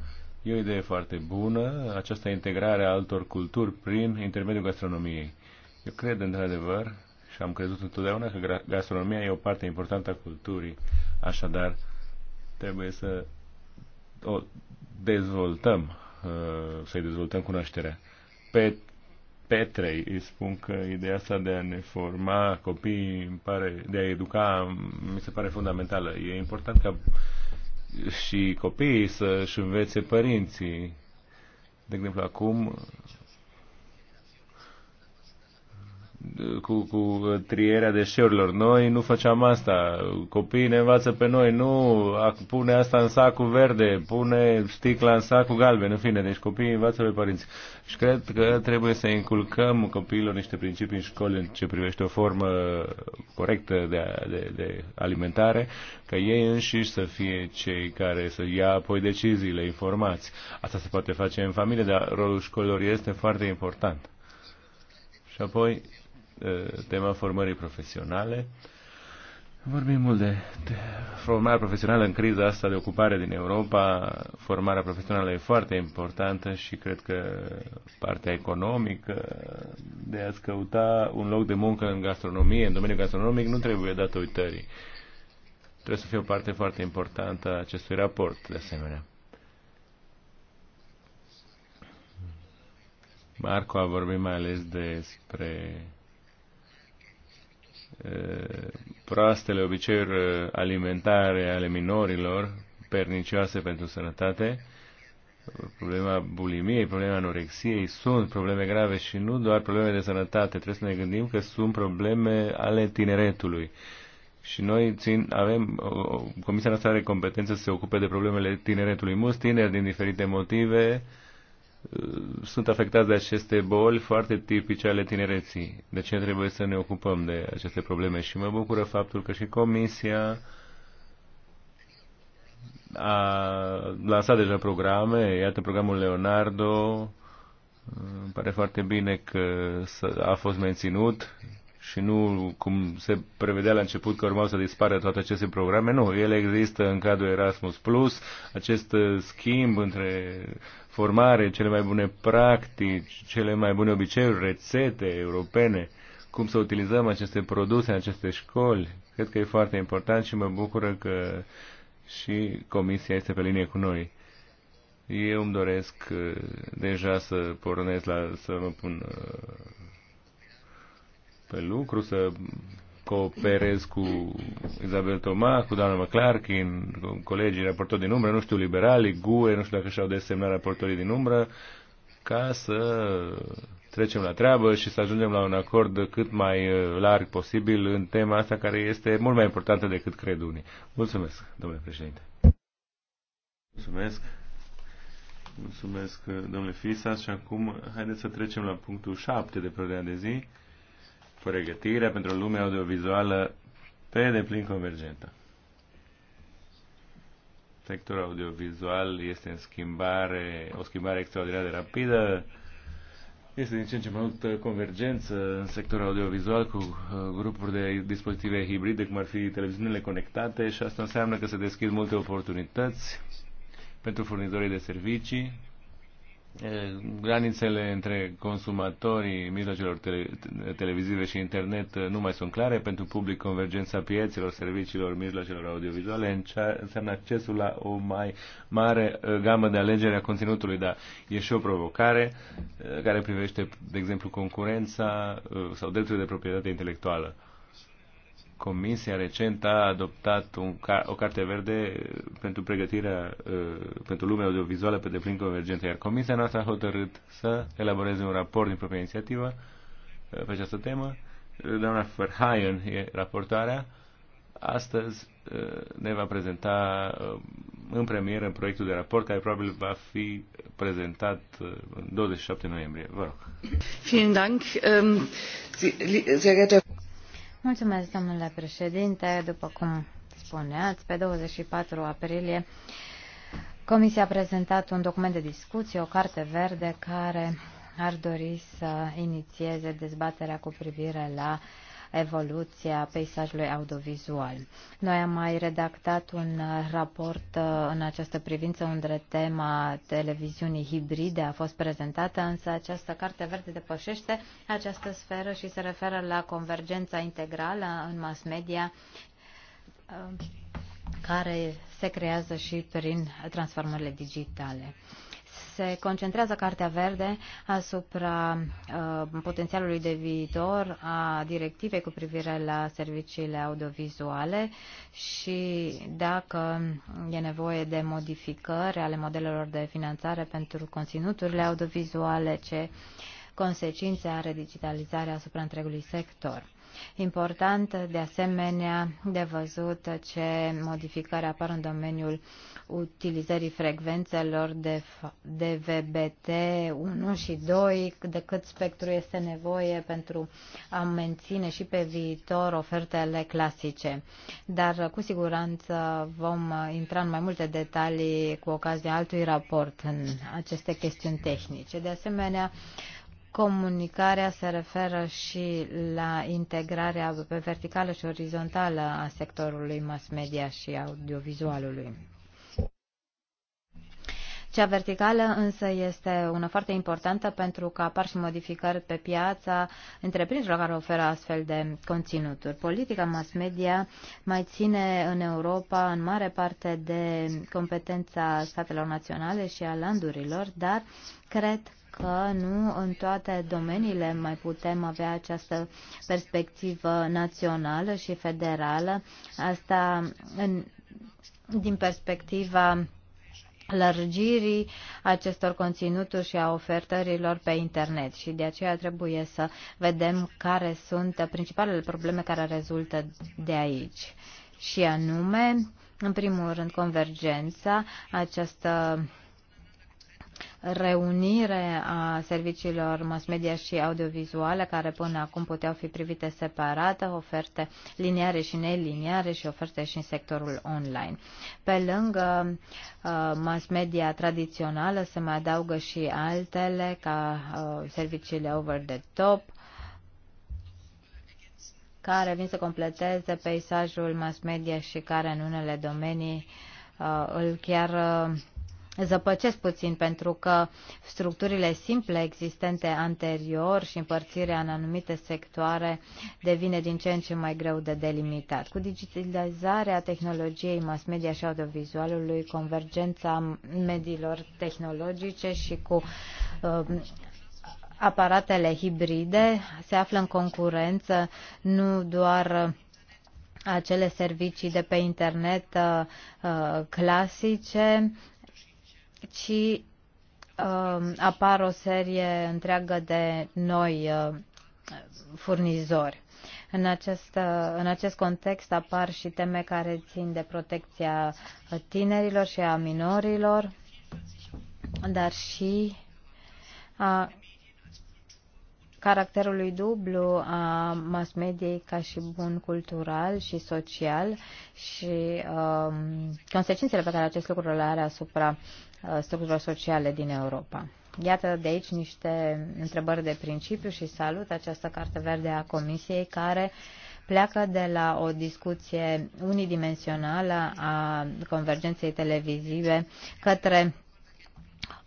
E o idee foarte bună, această integrare a altor culturi prin intermediul gastronomiei. Eu cred, într-adevăr, și am crezut întotdeauna că gastronomia e o parte importantă a culturii. Așadar, trebuie să o dezvoltăm, uh, să-i dezvoltăm cunoașterea. Pe Petrei îi spun că ideea asta de a ne forma copiii, pare, de a educa, mi se pare fundamentală. E important ca și copiii să-și învețe părinții. De exemplu, acum cu, cu trierea deșeurilor. Noi nu făceam asta. Copiii ne învață pe noi, nu pune asta în sacul verde, pune sticla în sacul galben, în fine. Deci copiii învață pe părinți. Și cred că trebuie să inculcăm copiilor niște principii în școli în ce privește o formă corectă de, de, de alimentare, că ei înșiși să fie cei care să ia apoi deciziile, informați. Asta se poate face în familie, dar rolul școlilor este foarte important. Și apoi Eh, tema formării profesionale. Vorbim mult de, de formarea profesională în criza asta de ocupare din Europa. Formarea profesională e foarte importantă și cred că partea economică de a-ți căuta un loc de muncă în gastronomie, în domeniul gastronomic, nu trebuie dată uitării. Trebuie să fie o parte foarte importantă a acestui raport, de asemenea. Marco a vorbit mai ales despre Eh, proastele obiceiuri eh, alimentare ale minorilor, pernicioase pentru sănătate, problema bulimiei, problema anorexiei, sunt probleme grave și nu doar probleme de sănătate. Trebuie să ne gândim că sunt probleme ale tineretului. Și noi țin, avem, Comisia noastră are competență să se ocupe de problemele tineretului. Mulți tineri, din diferite motive, uh, sunt afectați de aceste boli foarte tipice ale tinereții. De ce trebuie să ne ocupăm de aceste probleme? Și mă bucură faptul că și Comisia a lansat deja programe, iată programul Leonardo, îmi pare foarte bine că a fost menținut și nu cum se prevedea la început că urmau să dispară toate aceste programe. Nu, ele există în cadrul Erasmus Plus, acest schimb între formare, cele mai bune practici, cele mai bune obiceiuri, rețete europene, cum să utilizăm aceste produse în aceste școli. Cred că e foarte important și mă bucură că și Comisia este pe linie cu noi. Eu îmi doresc uh, deja să pornesc la, să mă pun uh, pe lucru, să cooperez cu Isabel Toma, cu doamna McClarkin, cu colegii raportori din umbră, nu știu, liberalii, GUE, nu știu dacă și-au desemnat raportorii din umbră, ca să trecem la treabă și să ajungem la un acord cât mai uh, larg posibil în tema asta care este mult mai importantă decât cred unii. Mulțumesc, domnule președinte. Mulțumesc. Mulțumesc, uh, domnule Fisas. Și acum, haideți să trecem la punctul 7 de pe de zi pregătirea pentru lumea audiovizuală pe deplin convergentă. Sectorul audiovizual este în schimbare, o schimbare extraordinar de rapidă. Este din ce în ce mai multă convergență în sectorul audiovizual cu uh, grupuri de dispozitive hibride, cum ar fi televiziunile conectate și asta înseamnă că se deschid multe oportunități pentru furnizorii de servicii, granițele între consumatorii mijloacelor tele, televizive și internet nu mai sunt clare. Pentru public, convergența pieților, serviciilor, mijloacelor audiovizuale înseamnă accesul la o mai mare gamă de alegere a conținutului, dar e și o provocare care privește, de exemplu, concurența sau drepturile de proprietate intelectuală. Comisia recent a adoptat un ca, o carte verde pentru pregătirea uh, pentru lumea audiovizuală pe deplin convergentă, iar Comisia noastră a hotărât să elaboreze un raport din propria inițiativă uh, pe această temă. Uh, doamna Verheyen e raportarea. Astăzi uh, ne va prezenta uh, în premieră proiectul de raport care probabil va fi prezentat uh, în 27 noiembrie. Vă rog. Vielen Dank, ähm, sehr Mulțumesc, domnule președinte. După cum spuneați, pe 24 aprilie Comisia a prezentat un document de discuție, o carte verde care ar dori să inițieze dezbaterea cu privire la uh, evoluția peisajului audiovizual. Noi am mai redactat un raport uh, în această privință unde tema televiziunii hibride a fost prezentată, însă această carte verde depășește această sferă și se referă la convergența integrală în mass media uh, care se creează și prin transformările digitale se concentrează Cartea Verde asupra uh, potențialului de viitor a directivei cu privire la serviciile audiovizuale și dacă e nevoie de modificări ale modelelor de finanțare pentru conținuturile audiovizuale, ce consecințe are digitalizarea asupra întregului sector. Important, de asemenea, de văzut ce modificări apar în domeniul utilizării frecvențelor de, de VBT 1 și 2, de cât spectru este nevoie pentru a menține și pe viitor ofertele clasice. Dar cu siguranță vom intra în mai multe detalii cu ocazia altui raport în aceste chestiuni tehnice. De asemenea, Comunicarea se referă și la integrarea pe verticală și orizontală a sectorului mass media și audiovizualului. Cea verticală însă este una foarte importantă pentru că apar și modificări pe piața întreprinderilor care oferă astfel de conținuturi. Politica mass media mai ține în Europa în mare parte de competența statelor naționale și a landurilor, dar cred că nu în toate domeniile mai putem avea această perspectivă națională și federală. Asta în, din perspectiva lărgirii acestor conținuturi și a ofertărilor pe internet și de aceea trebuie să vedem care sunt principalele probleme care rezultă de aici și anume, în primul rând, convergența, această reunire a serviciilor mass media și audiovizuale, care până acum puteau fi privite separate, oferte liniare și neliniare și oferte și în sectorul online. Pe lângă uh, mass media tradițională se mai adaugă și altele, ca uh, serviciile over the top, care vin să completeze peisajul mass media și care în unele domenii uh, îl chiar uh, zăpăcesc puțin pentru că structurile simple existente anterior și împărțirea în anumite sectoare devine din ce în ce mai greu de delimitat. Cu digitalizarea tehnologiei mass media și audiovizualului, convergența mediilor tehnologice și cu uh, aparatele hibride se află în concurență nu doar acele servicii de pe internet uh, clasice, ci uh, apar o serie întreagă de noi uh, furnizori. În acest, uh, în acest context apar și teme care țin de protecția tinerilor și a minorilor, dar și a caracterului dublu a mass mediei ca și bun cultural și social și um, consecințele pe care acest lucru le are asupra Uh, structurilor sociale din Europa. Iată de aici niște întrebări de principiu și salut această carte verde a Comisiei care pleacă de la o discuție unidimensională a convergenței televizive către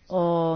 o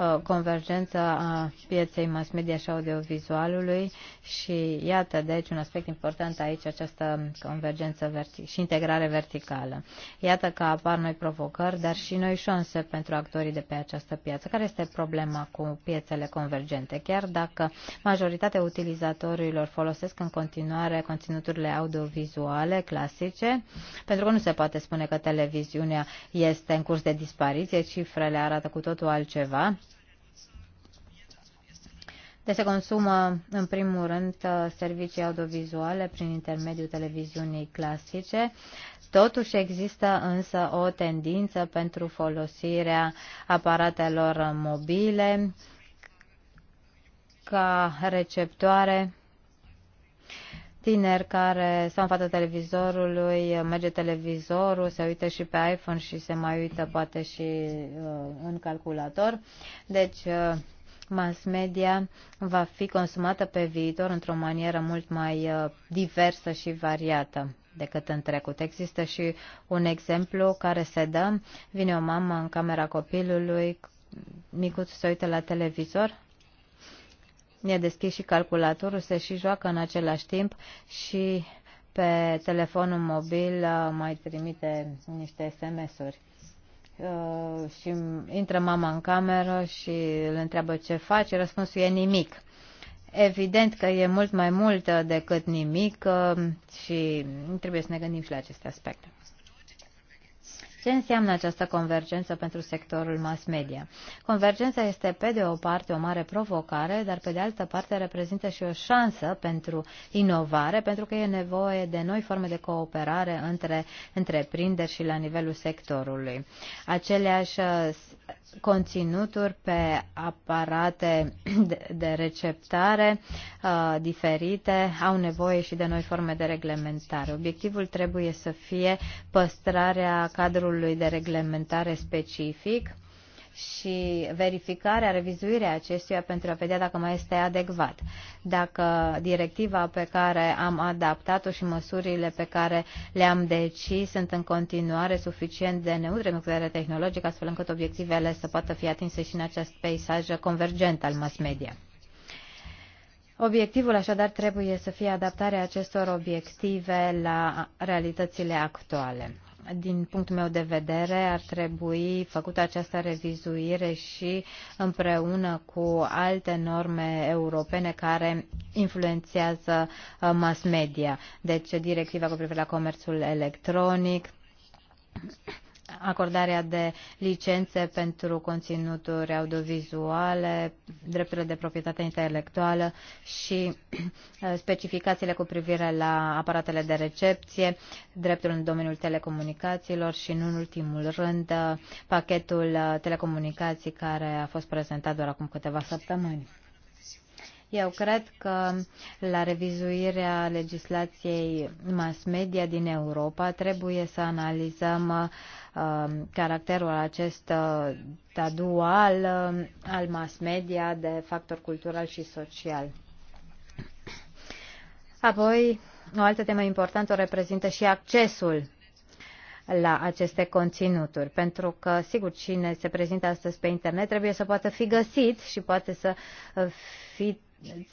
Uh, convergență a pieței mass media și audiovizualului și iată, deci, un aspect important aici, această convergență și integrare verticală. Iată că apar noi provocări, dar și noi șanse pentru actorii de pe această piață. Care este problema cu piețele convergente? Chiar dacă majoritatea utilizatorilor folosesc în continuare conținuturile audiovizuale clasice, pentru că nu se poate spune că televiziunea este în curs de dispariție, cifrele arată cu totul altceva, de se consumă în primul rând uh, servicii audiovizuale prin intermediul televiziunii clasice. Totuși există însă o tendință pentru folosirea aparatelor mobile ca receptoare tineri care stau în fața televizorului, merge televizorul, se uită și pe iPhone și se mai uită poate și uh, în calculator. Deci uh, mass media va fi consumată pe viitor într-o manieră mult mai uh, diversă și variată decât în trecut. Există și un exemplu care se dă. Vine o mamă în camera copilului, micuțul se uită la televizor, e deschis și calculatorul, se și joacă în același timp și pe telefonul mobil uh, mai trimite niște SMS-uri uh, și intră mama în cameră și îl întreabă ce face. răspunsul e nimic. Evident că e mult mai mult decât nimic uh, și trebuie să ne gândim și la aceste aspecte. Ce înseamnă această convergență pentru sectorul mass media? Convergența este, pe de o parte, o mare provocare, dar, pe de altă parte, reprezintă și o șansă pentru inovare, pentru că e nevoie de noi forme de cooperare între întreprinderi și la nivelul sectorului. Aceleași uh, conținuturi pe aparate de receptare uh, diferite au nevoie și de noi forme de reglementare. Obiectivul trebuie să fie păstrarea cadrului cadrului de reglementare specific și verificarea, revizuirea acestuia pentru a vedea dacă mai este adecvat. Dacă directiva pe care am adaptat-o și măsurile pe care le-am decis sunt în continuare suficient de neutre în vedere tehnologică, astfel încât obiectivele să poată fi atinse și în acest peisaj convergent al mass media. Obiectivul așadar trebuie să fie adaptarea acestor obiective la realitățile actuale din punctul meu de vedere, ar trebui făcută această revizuire și împreună cu alte norme europene care influențează uh, mass media. Deci, directiva cu privire la comerțul electronic, acordarea de licențe pentru conținuturi audiovizuale, drepturile de proprietate intelectuală și uh, specificațiile cu privire la aparatele de recepție, dreptul în domeniul telecomunicațiilor și, în ultimul rând, uh, pachetul uh, telecomunicații care a fost prezentat doar acum câteva săptămâni. Eu cred că la revizuirea legislației mass media din Europa trebuie să analizăm uh, caracterul acesta uh, dual uh, al mass media de factor cultural și social. Apoi, o altă temă importantă o reprezintă și accesul la aceste conținuturi, pentru că, sigur, cine se prezintă astăzi pe internet trebuie să poată fi găsit și poate să uh, fi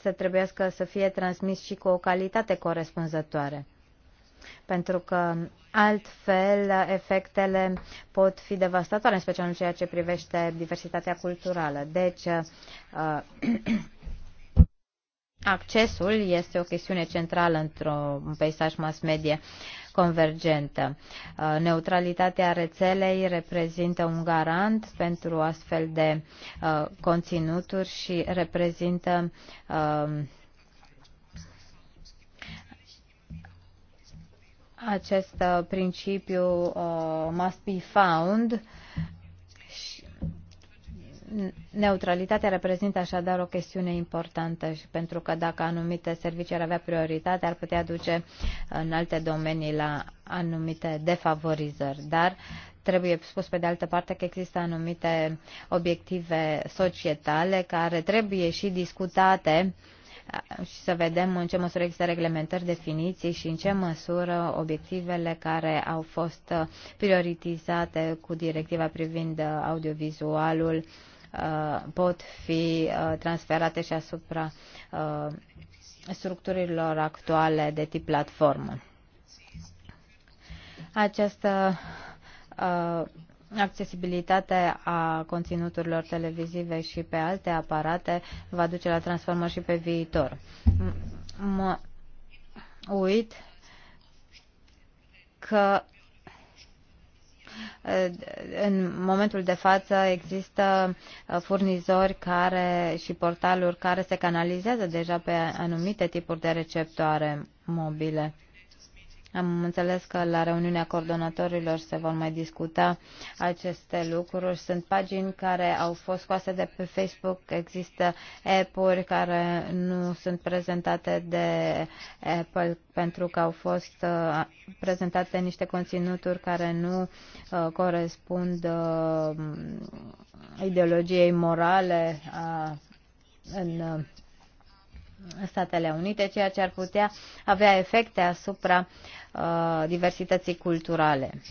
să trebuiască să fie transmis și cu o calitate corespunzătoare. Pentru că altfel efectele pot fi devastatoare, în special în ceea ce privește diversitatea culturală. Deci, uh, Accesul este o chestiune centrală într-un peisaj mass media convergentă. Uh, neutralitatea rețelei reprezintă un garant pentru astfel de uh, conținuturi și reprezintă um, acest uh, principiu must be found Neutralitatea reprezintă așadar o chestiune importantă și pentru că dacă anumite servicii ar avea prioritate, ar putea duce în alte domenii la anumite defavorizări. Dar trebuie spus pe de altă parte că există anumite obiective societale care trebuie și discutate uh, și să vedem în ce măsură există reglementări, definiții și în ce măsură obiectivele care au fost uh, prioritizate cu directiva privind uh, audiovizualul uh, Uh, pot fi uh, transferate și asupra uh, structurilor actuale de tip platformă. Această accesibilitate a conținuturilor televizive și pe alte aparate va duce la transformări și pe viitor. Mă uit că în momentul de față există uh, furnizori care și portaluri care se canalizează deja pe anumite tipuri de receptoare mobile. Am înțeles că la reuniunea coordonatorilor se vor mai discuta aceste lucruri. Sunt pagini care au fost scoase de pe Facebook, există app-uri care nu sunt prezentate de Apple pentru că au fost uh, prezentate niște conținuturi care nu uh, corespund uh, ideologiei morale în Statele Unite, ceea ce ar putea avea efecte asupra uh, diversității culturale.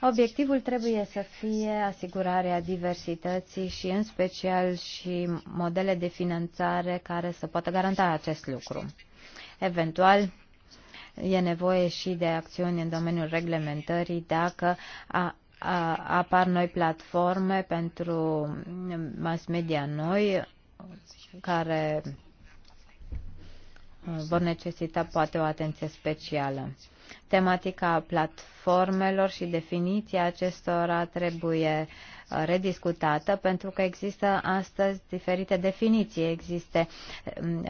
Obiectivul trebuie să fie asigurarea diversității și în special și modele de finanțare care să poată garanta acest lucru. Eventual, e nevoie și de acțiuni în domeniul reglementării dacă a, apar noi platforme pentru mass media noi care vor necesita poate o atenție specială. Tematica platformelor și definiția acestora trebuie uh, rediscutată pentru că există astăzi diferite definiții. Există um,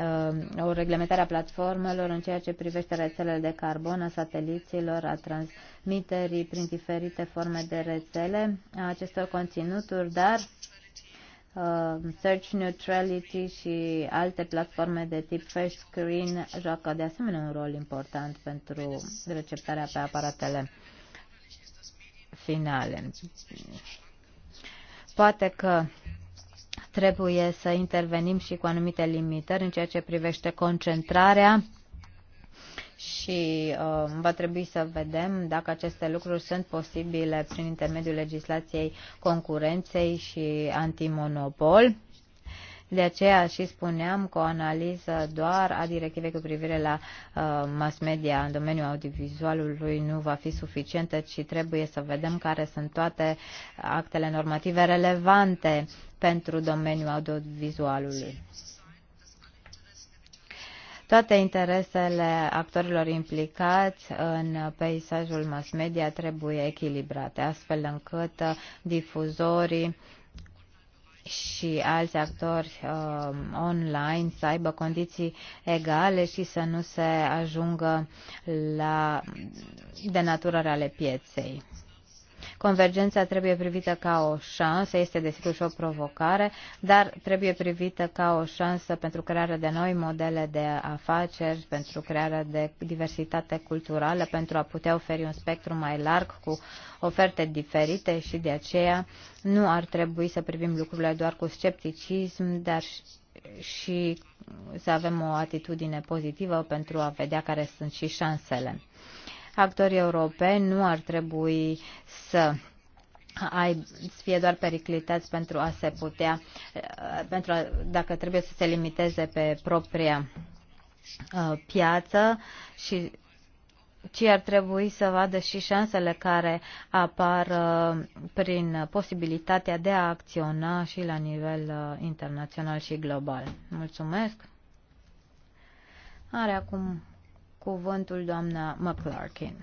uh, o reglementare a platformelor în ceea ce privește rețelele de carbon, a sateliților, a transmiterii prin diferite forme de rețele a acestor conținuturi, dar Uh, search Neutrality și alte platforme de tip Fresh Screen joacă de asemenea un rol important pentru receptarea pe aparatele finale. Poate că trebuie să intervenim și cu anumite limitări în ceea ce privește concentrarea și uh, va trebui să vedem dacă aceste lucruri sunt posibile prin intermediul legislației concurenței și antimonopol. De aceea și spuneam că o analiză doar a directivei cu privire la uh, mass media în domeniul audiovizualului nu va fi suficientă, ci trebuie să vedem care sunt toate actele normative relevante pentru domeniul audiovizualului. Toate interesele actorilor implicați în peisajul mass media trebuie echilibrate, astfel încât uh, difuzorii și alți actori uh, online să aibă condiții egale și să nu se ajungă la denaturarea ale pieței. Convergența trebuie privită ca o șansă, este desigur și o provocare, dar trebuie privită ca o șansă pentru crearea de noi modele de afaceri, pentru crearea de diversitate culturală, pentru a putea oferi un spectru mai larg cu oferte diferite și de aceea nu ar trebui să privim lucrurile doar cu scepticism, dar și să avem o atitudine pozitivă pentru a vedea care sunt și șansele actorii europeni nu ar trebui să ai, să fie doar periclitați pentru a se putea, eh, pentru a, dacă trebuie să se limiteze pe propria eh, piață și ci ar trebui să vadă și șansele care apar eh, prin posibilitatea de a acționa și la nivel internațional și global. Mulțumesc! Are acum cuvântul doamna McClarkin.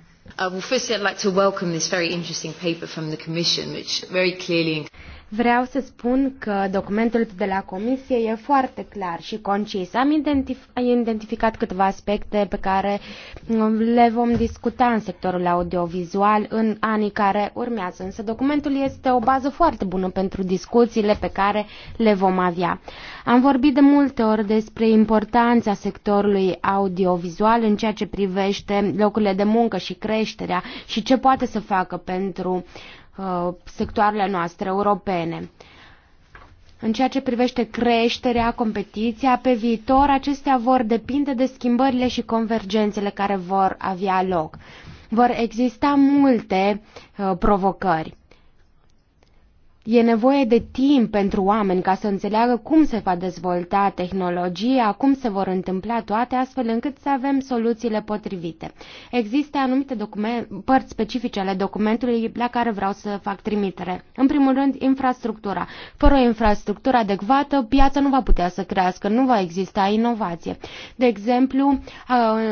Vreau să spun că documentul de la Comisie e foarte clar și concis. Am identif- identificat câteva aspecte pe care um, le vom discuta în sectorul audiovizual în anii care urmează, însă documentul este o bază foarte bună pentru discuțiile pe care le vom avea. Am vorbit de multe ori despre importanța sectorului audiovizual în ceea ce privește locurile de muncă și creșterea creșterea și ce poate să facă pentru uh, sectoarele noastre europene. În ceea ce privește creșterea, competiția, pe viitor acestea vor depinde de schimbările și convergențele care vor avea loc. Vor exista multe uh, provocări. E nevoie de timp pentru oameni ca să înțeleagă cum se va dezvolta tehnologia, cum se vor întâmpla toate, astfel încât să avem soluțiile potrivite. Există anumite părți specifice ale documentului la care vreau să fac trimitere. În primul rând, infrastructura. Fără o infrastructură adecvată, piața nu va putea să crească, nu va exista inovație. De exemplu,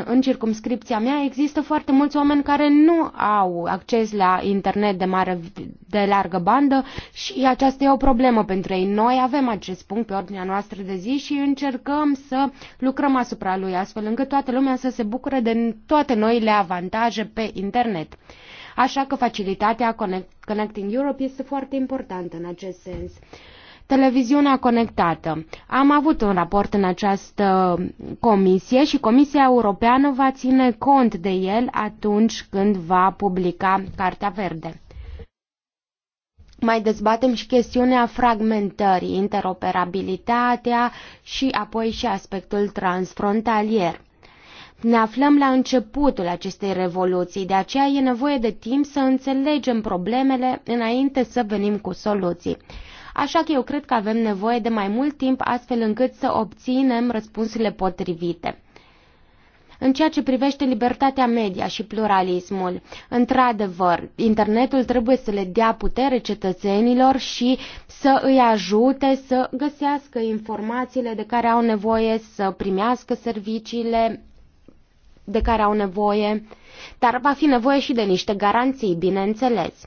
în circumscripția mea există foarte mulți oameni care nu au acces la internet de, mare, de largă bandă și aceasta e o problemă pentru ei. Noi avem acest punct pe ordinea noastră de zi și încercăm să lucrăm asupra lui, astfel încât toată lumea să se bucure de toate noile avantaje pe internet. Așa că facilitatea Connecting Europe este foarte importantă în acest sens. Televiziunea conectată. Am avut un raport în această comisie și Comisia Europeană va ține cont de el atunci când va publica Cartea Verde mai dezbatem și chestiunea fragmentării, interoperabilitatea și apoi și aspectul transfrontalier. Ne aflăm la începutul acestei revoluții, de aceea e nevoie de timp să înțelegem problemele înainte să venim cu soluții. Așa că eu cred că avem nevoie de mai mult timp astfel încât să obținem răspunsurile potrivite. În ceea ce privește libertatea media și pluralismul, într-adevăr, internetul trebuie să le dea putere cetățenilor și să îi ajute să găsească informațiile de care au nevoie, să primească serviciile de care au nevoie, dar va fi nevoie și de niște garanții, bineînțeles.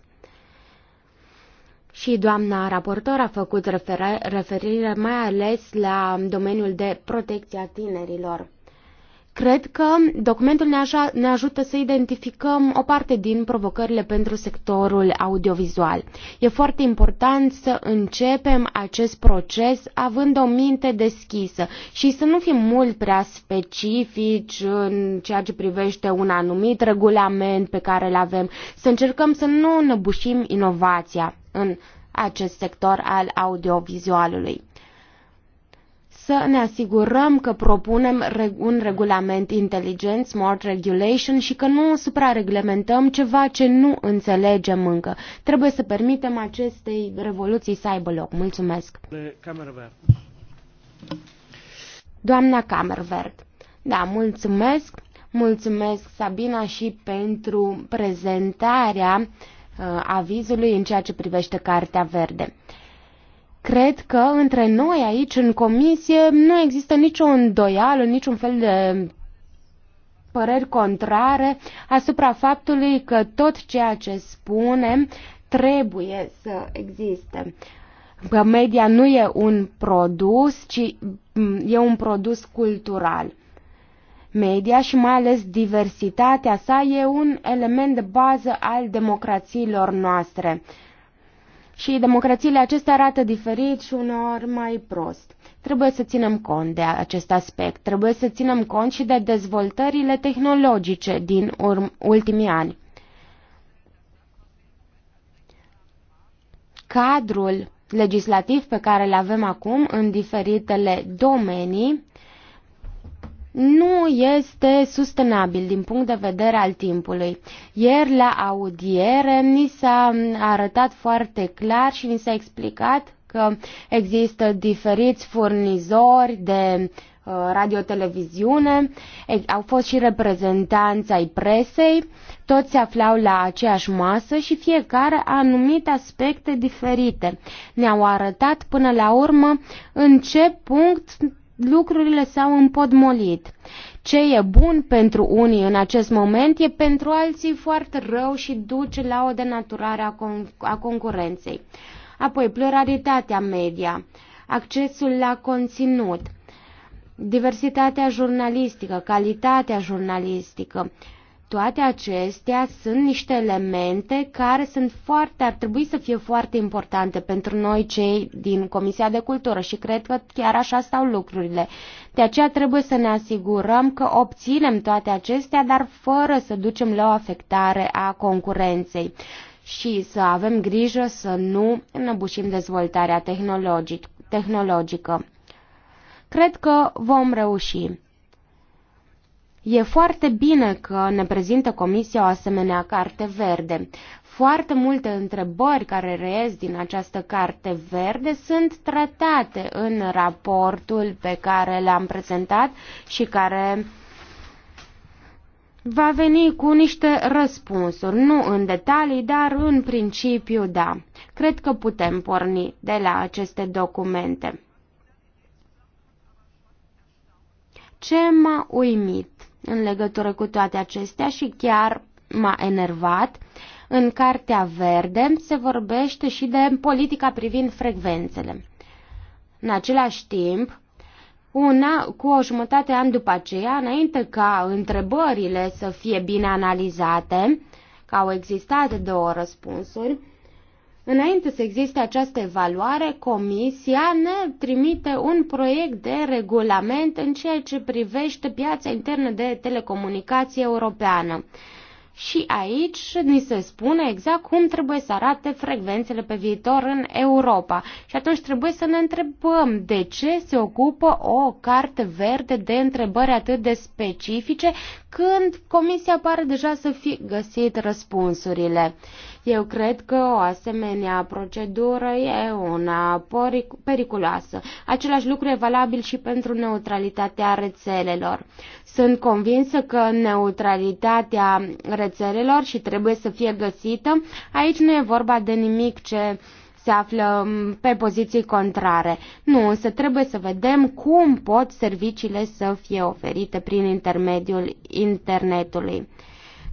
Și doamna raportor a făcut referire mai ales la domeniul de protecție a tinerilor. Cred că documentul ne, aja, ne ajută să identificăm o parte din provocările pentru sectorul audiovizual. E foarte important să începem acest proces având o minte deschisă și să nu fim mult prea specifici în ceea ce privește un anumit regulament pe care îl avem, să încercăm să nu înăbușim inovația în acest sector al audiovizualului să ne asigurăm că propunem un regulament inteligent, smart regulation și că nu suprareglementăm ceva ce nu înțelegem încă. Trebuie să permitem acestei revoluții să aibă loc. Mulțumesc! Doamna Camerverd. da, mulțumesc! Mulțumesc, Sabina, și pentru prezentarea uh, avizului în ceea ce privește Cartea Verde. Cred că între noi aici, în comisie, nu există nicio îndoială, niciun fel de păreri contrare asupra faptului că tot ceea ce spunem trebuie să existe. Media nu e un produs, ci e un produs cultural. Media și mai ales diversitatea sa e un element de bază al democrațiilor noastre și democrațiile acestea arată diferit și uneori mai prost. Trebuie să ținem cont de acest aspect, trebuie să ținem cont și de dezvoltările tehnologice din ultimii ani. Cadrul legislativ pe care îl avem acum în diferitele domenii nu este sustenabil din punct de vedere al timpului. Ieri la audiere ni s-a arătat foarte clar și ni s-a explicat că există diferiți furnizori de uh, radioteleviziune, au fost și reprezentanți ai presei, toți se aflau la aceeași masă și fiecare a numit aspecte diferite. Ne-au arătat până la urmă în ce punct lucrurile s-au împodmolit. Ce e bun pentru unii în acest moment e pentru alții foarte rău și duce la o denaturare a, con- a concurenței. Apoi, pluralitatea media, accesul la conținut diversitatea jurnalistică, calitatea jurnalistică, toate acestea sunt niște elemente care sunt foarte, ar trebui să fie foarte importante pentru noi cei din Comisia de Cultură și cred că chiar așa stau lucrurile. De aceea trebuie să ne asigurăm că obținem toate acestea, dar fără să ducem la o afectare a concurenței și să avem grijă să nu înăbușim dezvoltarea tehnologic, tehnologică. Cred că vom reuși. E foarte bine că ne prezintă Comisia o asemenea carte verde. Foarte multe întrebări care reiesc din această carte verde sunt tratate în raportul pe care l-am prezentat și care va veni cu niște răspunsuri, nu în detalii, dar în principiu da. Cred că putem porni de la aceste documente. Ce m-a uimit? în legătură cu toate acestea și chiar m-a enervat. În Cartea Verde se vorbește și de politica privind frecvențele. În același timp, una cu o jumătate an după aceea, înainte ca întrebările să fie bine analizate, că au existat două răspunsuri, Înainte să existe această evaluare, Comisia ne trimite un proiect de regulament în ceea ce privește piața internă de telecomunicații europeană. Și aici ni se spune exact cum trebuie să arate frecvențele pe viitor în Europa. Și atunci trebuie să ne întrebăm de ce se ocupă o carte verde de întrebări atât de specifice când Comisia pare deja să fi găsit răspunsurile. Eu cred că o asemenea procedură e una periculoasă. Același lucru e valabil și pentru neutralitatea rețelelor. Sunt convinsă că neutralitatea rețelelor și trebuie să fie găsită. Aici nu e vorba de nimic ce se află pe poziții contrare. Nu, însă trebuie să vedem cum pot serviciile să fie oferite prin intermediul internetului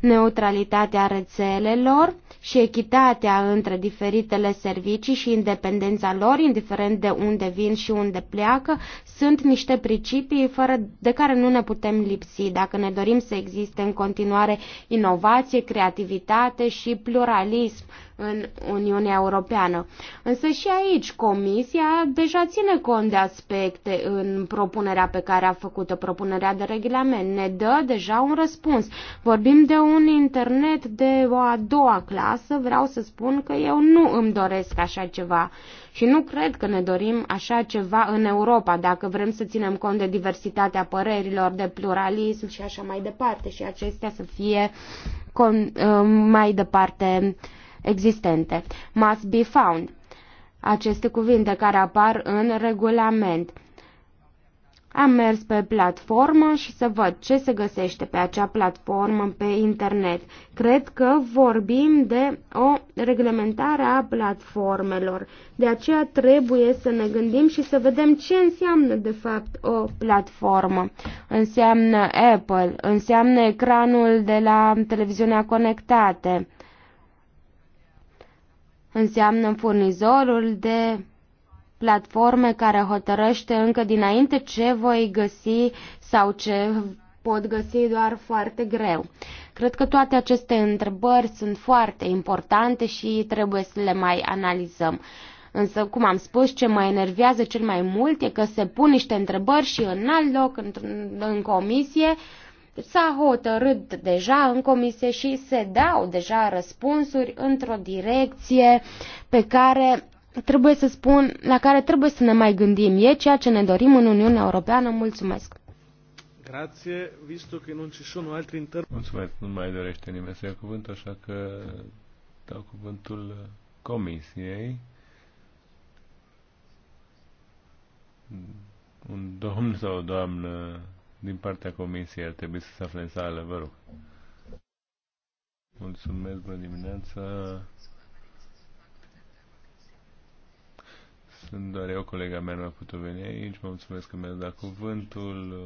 neutralitatea rețelelor și echitatea între diferitele servicii și independența lor, indiferent de unde vin și unde pleacă, sunt niște principii fără de care nu ne putem lipsi dacă ne dorim să existe în continuare inovație, creativitate și pluralism în Uniunea Europeană. Însă și aici Comisia deja ține cont de aspecte în propunerea pe care a făcut-o, propunerea de regulament. Ne dă deja un răspuns. Vorbim de un internet de o a doua clasă. Vreau să spun că eu nu îmi doresc așa ceva. Și nu cred că ne dorim așa ceva în Europa, dacă vrem să ținem cont de diversitatea părerilor, de pluralism și așa mai departe, și acestea să fie uh, mai departe uh, existente. Must be found. Aceste cuvinte care apar în regulament. Am mers pe platformă și să văd ce se găsește pe acea platformă pe internet. Cred că vorbim de o reglementare a platformelor. De aceea trebuie să ne gândim și să vedem ce înseamnă de fapt o platformă. Înseamnă Apple, înseamnă ecranul de la televiziunea conectată Înseamnă furnizorul de platforme care hotărăște încă dinainte ce voi găsi sau ce pot găsi doar foarte greu. Cred că toate aceste întrebări sunt foarte importante și trebuie să le mai analizăm. Însă, cum am spus, ce mă enervează cel mai mult e că se pun niște întrebări și în alt loc, în, în comisie, s-a hotărât deja în comisie și se dau deja răspunsuri într-o direcție pe care trebuie să spun, la care trebuie să ne mai gândim. E ceea ce ne dorim în Uniunea Europeană. Mulțumesc! Grație, visto că nu ci sunt altri inter... Mulțumesc, nu mai dorește nimeni să ia cuvânt, așa că dau cuvântul comisiei. Un domn sau o doamnă din partea comisiei ar trebui să se afle în sală, vă rog. Mulțumesc, bună dimineața. Sunt doar eu, colega mea nu a putut veni aici. Mă mulțumesc că mi a dat cuvântul.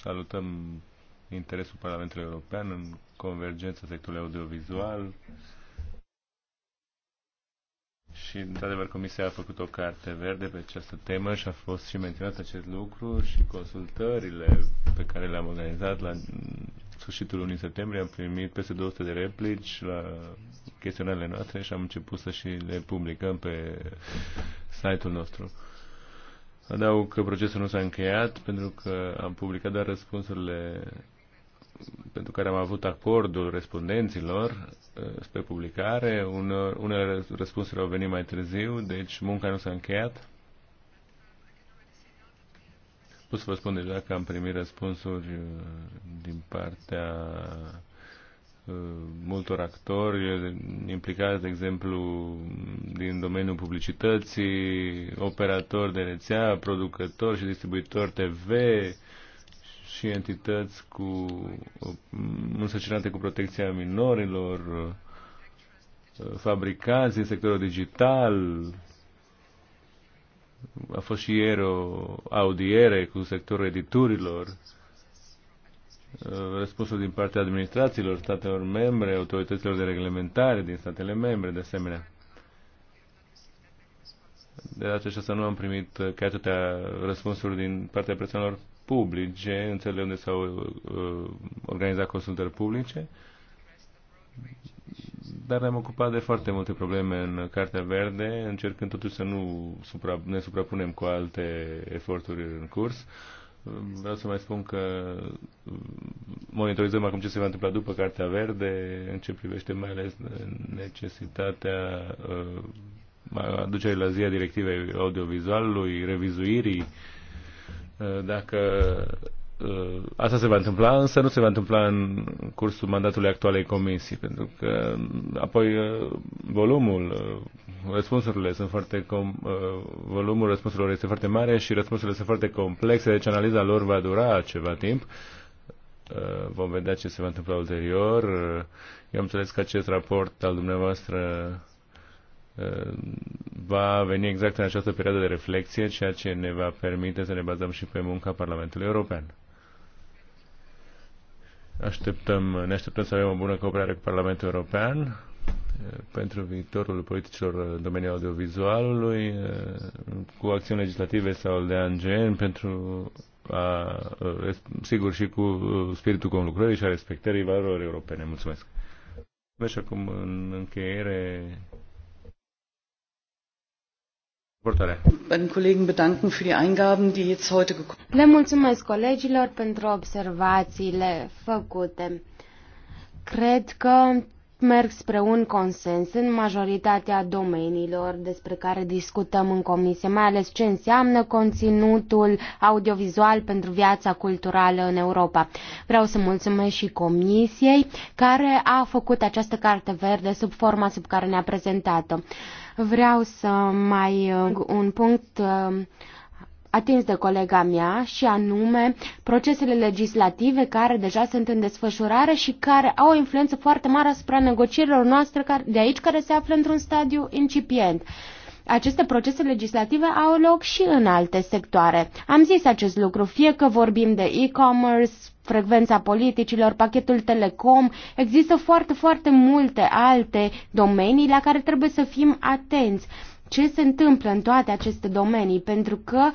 Salutăm interesul Parlamentului European în convergența sectorului audiovizual. Și, într-adevăr, Comisia a făcut o carte verde pe această temă și a fost și menționat acest lucru și consultările pe care le-am organizat la sfârșitul lunii septembrie am primit peste 200 de replici la chestionarele noastre și am început să și le publicăm pe site-ul nostru. Adaug că procesul nu s-a încheiat pentru că am publicat doar răspunsurile pentru care am avut acordul respondenților uh, spre publicare. Unele răspunsuri au venit mai târziu, deci munca nu s-a încheiat. Pot să vă spun deja că am primit răspunsuri uh, din partea uh, multor actori implicați, de exemplu, din domeniul publicității, operatori de rețea, producători și distribuitori TV, și entități cu, nu săcinate cu protecția minorilor, fabricați în sectorul digital. A fost și ieri o audiere cu sectorul editurilor. Răspunsul din partea administrațiilor statelor membre, autorităților de reglementare din statele membre, de asemenea. De aceștia să nu am primit chiar atâtea răspunsuri din partea persoanelor publice, în țările unde s-au uh, organizat consultări publice, dar ne-am ocupat de foarte multe probleme în Cartea Verde, încercând totuși să nu supra, ne suprapunem cu alte eforturi în curs. Vreau să mai spun că monitorizăm acum ce se va întâmpla după Cartea Verde, în ce privește mai ales necesitatea uh, aducerii la zi a directivei audiovizualului, revizuirii uh, Eh, dacă eh, asta se va întâmpla, însă nu se va întâmpla în cursul mandatului actualei comisii, pentru că mm, apoi eh, volumul, răspunsurile sunt foarte com, volumul răspunsurilor este foarte mare și răspunsurile sunt foarte complexe, deci analiza lor va dura ceva timp. Vom vedea ce se va întâmpla ulterior. Eu am înțeles că acest raport al dumneavoastră Eh, va veni exact în această perioadă de reflexie, ceea ce ne va permite să ne bazăm și pe munca Parlamentului European. Așteptăm, ne așteptăm să avem o bună cooperare cu Parlamentul European eh, pentru viitorul politicilor în domeniul audiovizualului, eh, cu acțiuni legislative sau de ANGN, pentru a, sigur și cu spiritul conlucrării și a respectării valorilor europene. Mulțumesc! Deci acum, în încheiere, le mulțumesc colegilor pentru observațiile făcute. Cred că merg spre un consens în majoritatea domeniilor despre care discutăm în comisie, mai ales ce înseamnă conținutul audiovizual pentru viața culturală în Europa. Vreau să mulțumesc și comisiei care a făcut această carte verde sub forma sub care ne-a prezentat-o. Vreau să mai uh, un punct uh, atins de colega mea și anume procesele legislative care deja sunt în desfășurare și care au o influență foarte mare asupra negocierilor noastre de aici care se află într-un stadiu incipient aceste procese legislative au loc și în alte sectoare. Am zis acest lucru, fie că vorbim de e-commerce, frecvența politicilor, pachetul telecom, există foarte, foarte multe alte domenii la care trebuie să fim atenți. Ce se întâmplă în toate aceste domenii? Pentru că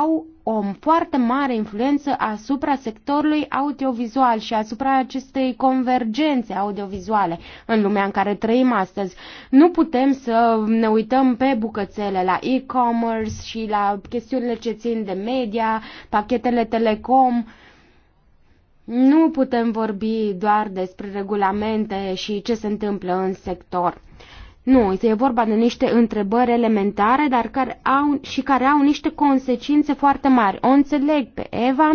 au o foarte mare influență asupra sectorului audiovizual și asupra acestei convergențe audiovizuale în lumea în care trăim astăzi. Nu putem să ne uităm pe bucățele la e-commerce și la chestiunile ce țin de media, pachetele telecom. Nu putem vorbi doar despre regulamente și ce se întâmplă în sector. Nu, e vorba de niște întrebări elementare, dar care au, și care au niște consecințe foarte mari. O înțeleg pe Eva,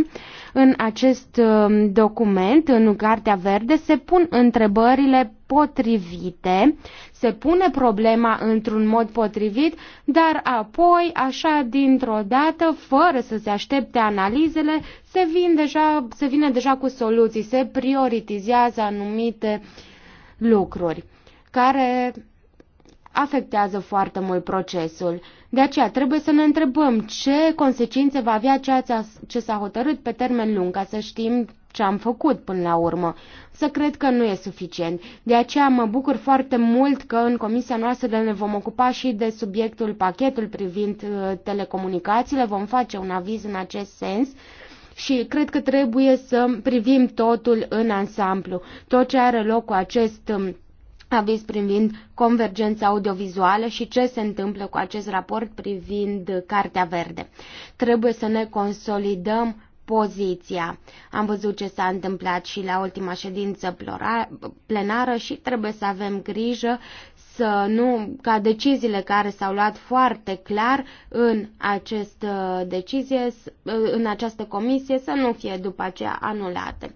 în acest um, document, în Cartea Verde, se pun întrebările potrivite, se pune problema într-un mod potrivit, dar apoi, așa dintr-o dată, fără să se aștepte analizele, se, vin deja, se vine deja cu soluții, se prioritizează anumite lucruri care afectează foarte mult procesul. De aceea trebuie să ne întrebăm ce consecințe va avea ceea ce s-a hotărât pe termen lung, ca să știm ce am făcut până la urmă. Să cred că nu e suficient. De aceea mă bucur foarte mult că în comisia noastră ne vom ocupa și de subiectul pachetul privind uh, telecomunicațiile. Vom face un aviz în acest sens și cred că trebuie să privim totul în ansamblu. Tot ce are loc cu acest um, aviz privind convergența audiovizuală și ce se întâmplă cu acest raport privind Cartea Verde. Trebuie să ne consolidăm poziția. Am văzut ce s-a întâmplat și la ultima ședință plenară și trebuie să avem grijă să nu, ca deciziile care s-au luat foarte clar în acest decizie, în această comisie, să nu fie după aceea anulate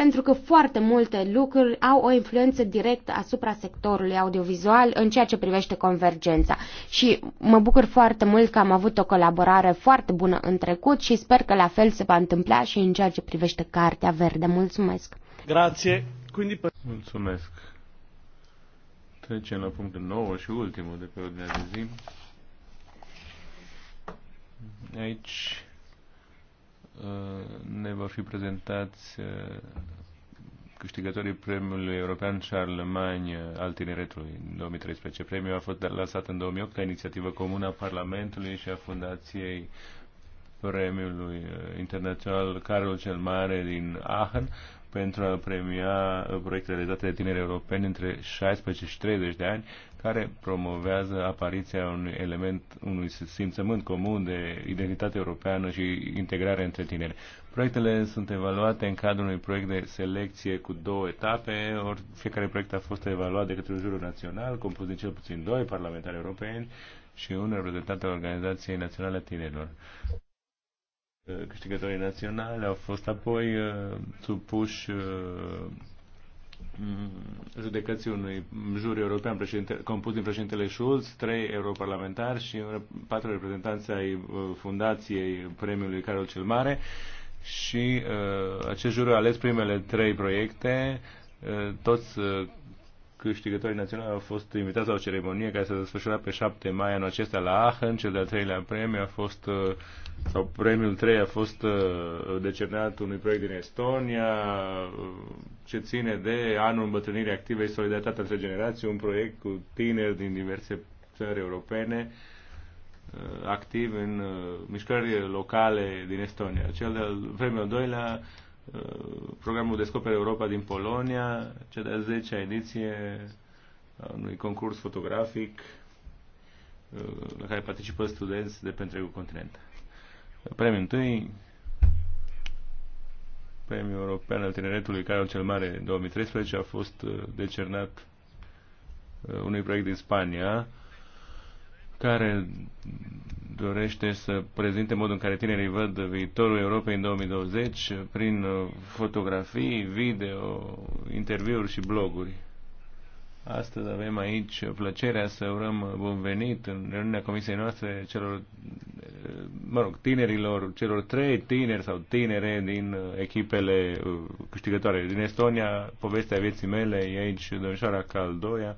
pentru că foarte multe lucruri au o influență directă asupra sectorului audiovizual în ceea ce privește convergența. Și mă bucur foarte mult că am avut o colaborare foarte bună în trecut și sper că la fel se va întâmpla și în ceea ce privește Cartea Verde. Mulțumesc! Grație! Mulțumesc! Trecem la punctul 9 și ultimul de pe ordinea de zi. Aici Uh, ne vor fi prezentați uh, câștigătorii premiului european Charlemagne al tineretului în 2013. Premiul a fost lansat în 2008 la inițiativă comună a Parlamentului și a Fundației Premiului uh, Internațional Carol cel Mare din Aachen pentru a premia uh, proiecte realizate de tineri europeni între 16 și 30 de ani, care promovează apariția unui element, unui simțământ comun de identitate europeană și integrare între tineri. Proiectele sunt evaluate în cadrul unui proiect de selecție cu două etape, ori fiecare proiect a fost evaluat de către un juriu național, compus din cel puțin doi parlamentari europeni și un reprezentant al Organizației Naționale a Tinerilor. Uh, câștigătorii naționale au fost apoi uh, supuși uh, mm, judecății unui juriu european compus din președintele Schulz, trei europarlamentari și patru reprezentanți ai fundației premiului Carol cel Mare și uh, acest juriu a ales primele trei proiecte, uh, toți uh, câștigătorii naționali au fost invitați la o ceremonie care s-a desfășurat pe 7 mai anul acesta la Aachen. Cel de-al treilea premiu a fost, uh, sau premiul 3 a fost uh, decernat unui proiect din Estonia uh, ce ține de anul îmbătrânirii active și solidaritatea între generații, un proiect cu tineri din diverse țări europene activ în mișcări locale din Estonia. Cel de-al premiul doilea programul Descoperă Europa din Polonia, cea de-a 10-a ediție a unui concurs fotografic uh, la care participă studenți de pe întregul continent. Premiul întâi, Premiul European al Tineretului Carol cel Mare 2013 a fost uh, decernat uh, unui proiect din Spania, care dorește să prezinte modul în care tinerii văd viitorul Europei în 2020 prin uh, fotografii, video, interviuri și bloguri. Astăzi avem aici plăcerea să urăm bun venit în reuniunea comisiei noastre celor, uh, mă rog, tinerilor, celor trei tineri sau tinere din uh, echipele câștigătoare. Din Estonia, povestea vieții mele, e aici domnișoara Caldoia,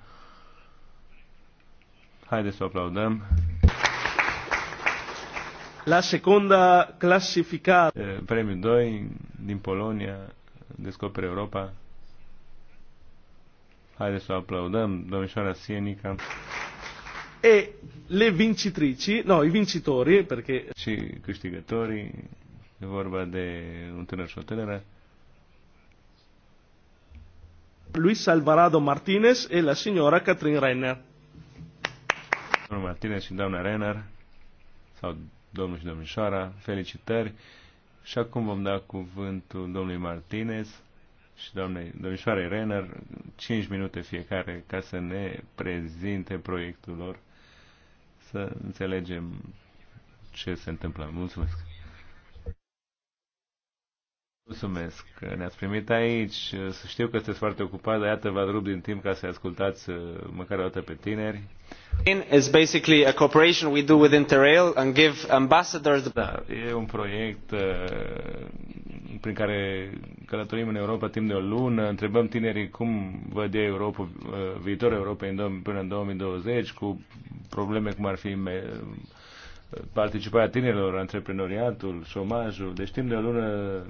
Haideți să o aplaudăm. La secunda clasificată. Premiul 2 din Polonia, Descoperă Europa. Haideți să o aplaudăm, domnișoara Sienica. E le vincitrici, no, i vincitori, perché... Și câștigătorii, e vorba de un tânăr și o tânără. Luis Alvarado Martinez e la signora Catherine Renner. Domnul Martinez și doamna Renner, sau domnul și domnișoara, felicitări. Și acum vom da cuvântul domnului Martinez și doamnei, domnișoarei Renner, 5 minute fiecare ca să ne prezinte proiectul lor, să înțelegem ce se întâmplă. Mulțumesc! Mulțumesc că ne-ați primit aici. Știu că sunteți foarte ocupat, dar iată vă rup din timp ca să ascultați uh, măcar o dată pe tineri. Is basically a cooperation we do with Interrail and give ambassadors Da, e un proiect uh, prin care călătorim în Europa timp de o lună, întrebăm tinerii cum văd ei Europa, uh, viitorul Europei până în 2020 cu probleme cum ar fi participarea tinerilor, antreprenoriatul, șomajul. Deci timp de o lună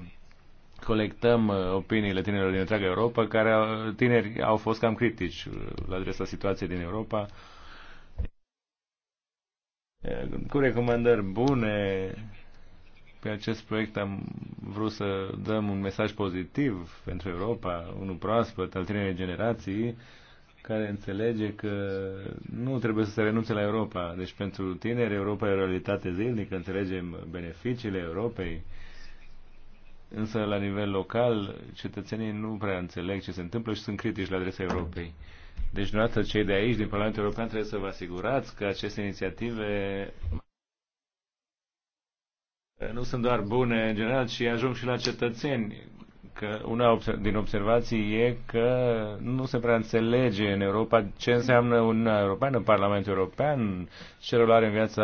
colectăm uh, opiniile tinerilor din întreaga Europa, care au, tineri au fost cam critici uh, la adresa situației din Europa, uh, cu recomandări bune. Pe acest proiect am vrut să dăm un mesaj pozitiv pentru Europa, unul proaspăt al tinerii generații, care înțelege că nu trebuie să se renunțe la Europa. Deci pentru tineri Europa e o realitate zilnică, înțelegem beneficiile Europei, însă la nivel local cetățenii nu prea înțeleg ce se întâmplă și sunt critici la adresa Europei. Deci, dumneavoastră, cei de aici, din Parlamentul European, trebuie să vă asigurați că aceste inițiative nu sunt doar bune în general, ci ajung și la cetățeni. Că una din observații e că nu se prea înțelege în Europa ce înseamnă european, un Parlamentul European, ce rol are în viața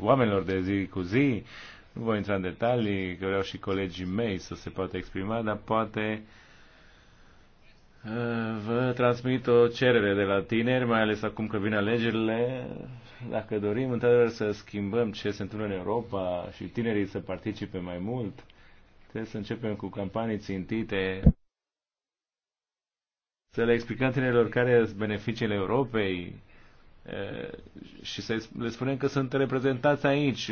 oamenilor de zi cu zi. Uh, nu voi intra în detalii, că vreau și colegii mei să se poată exprima, dar poate uh, vă transmit o cerere de la tineri, mai ales acum că vin alegerile, dacă dorim într-adevăr să schimbăm ce se întâmplă în Europa și tinerii să participe mai mult, trebuie să începem cu campanii țintite, să le explicăm tinerilor care sunt beneficiile Europei, și să le spunem că sunt reprezentați aici,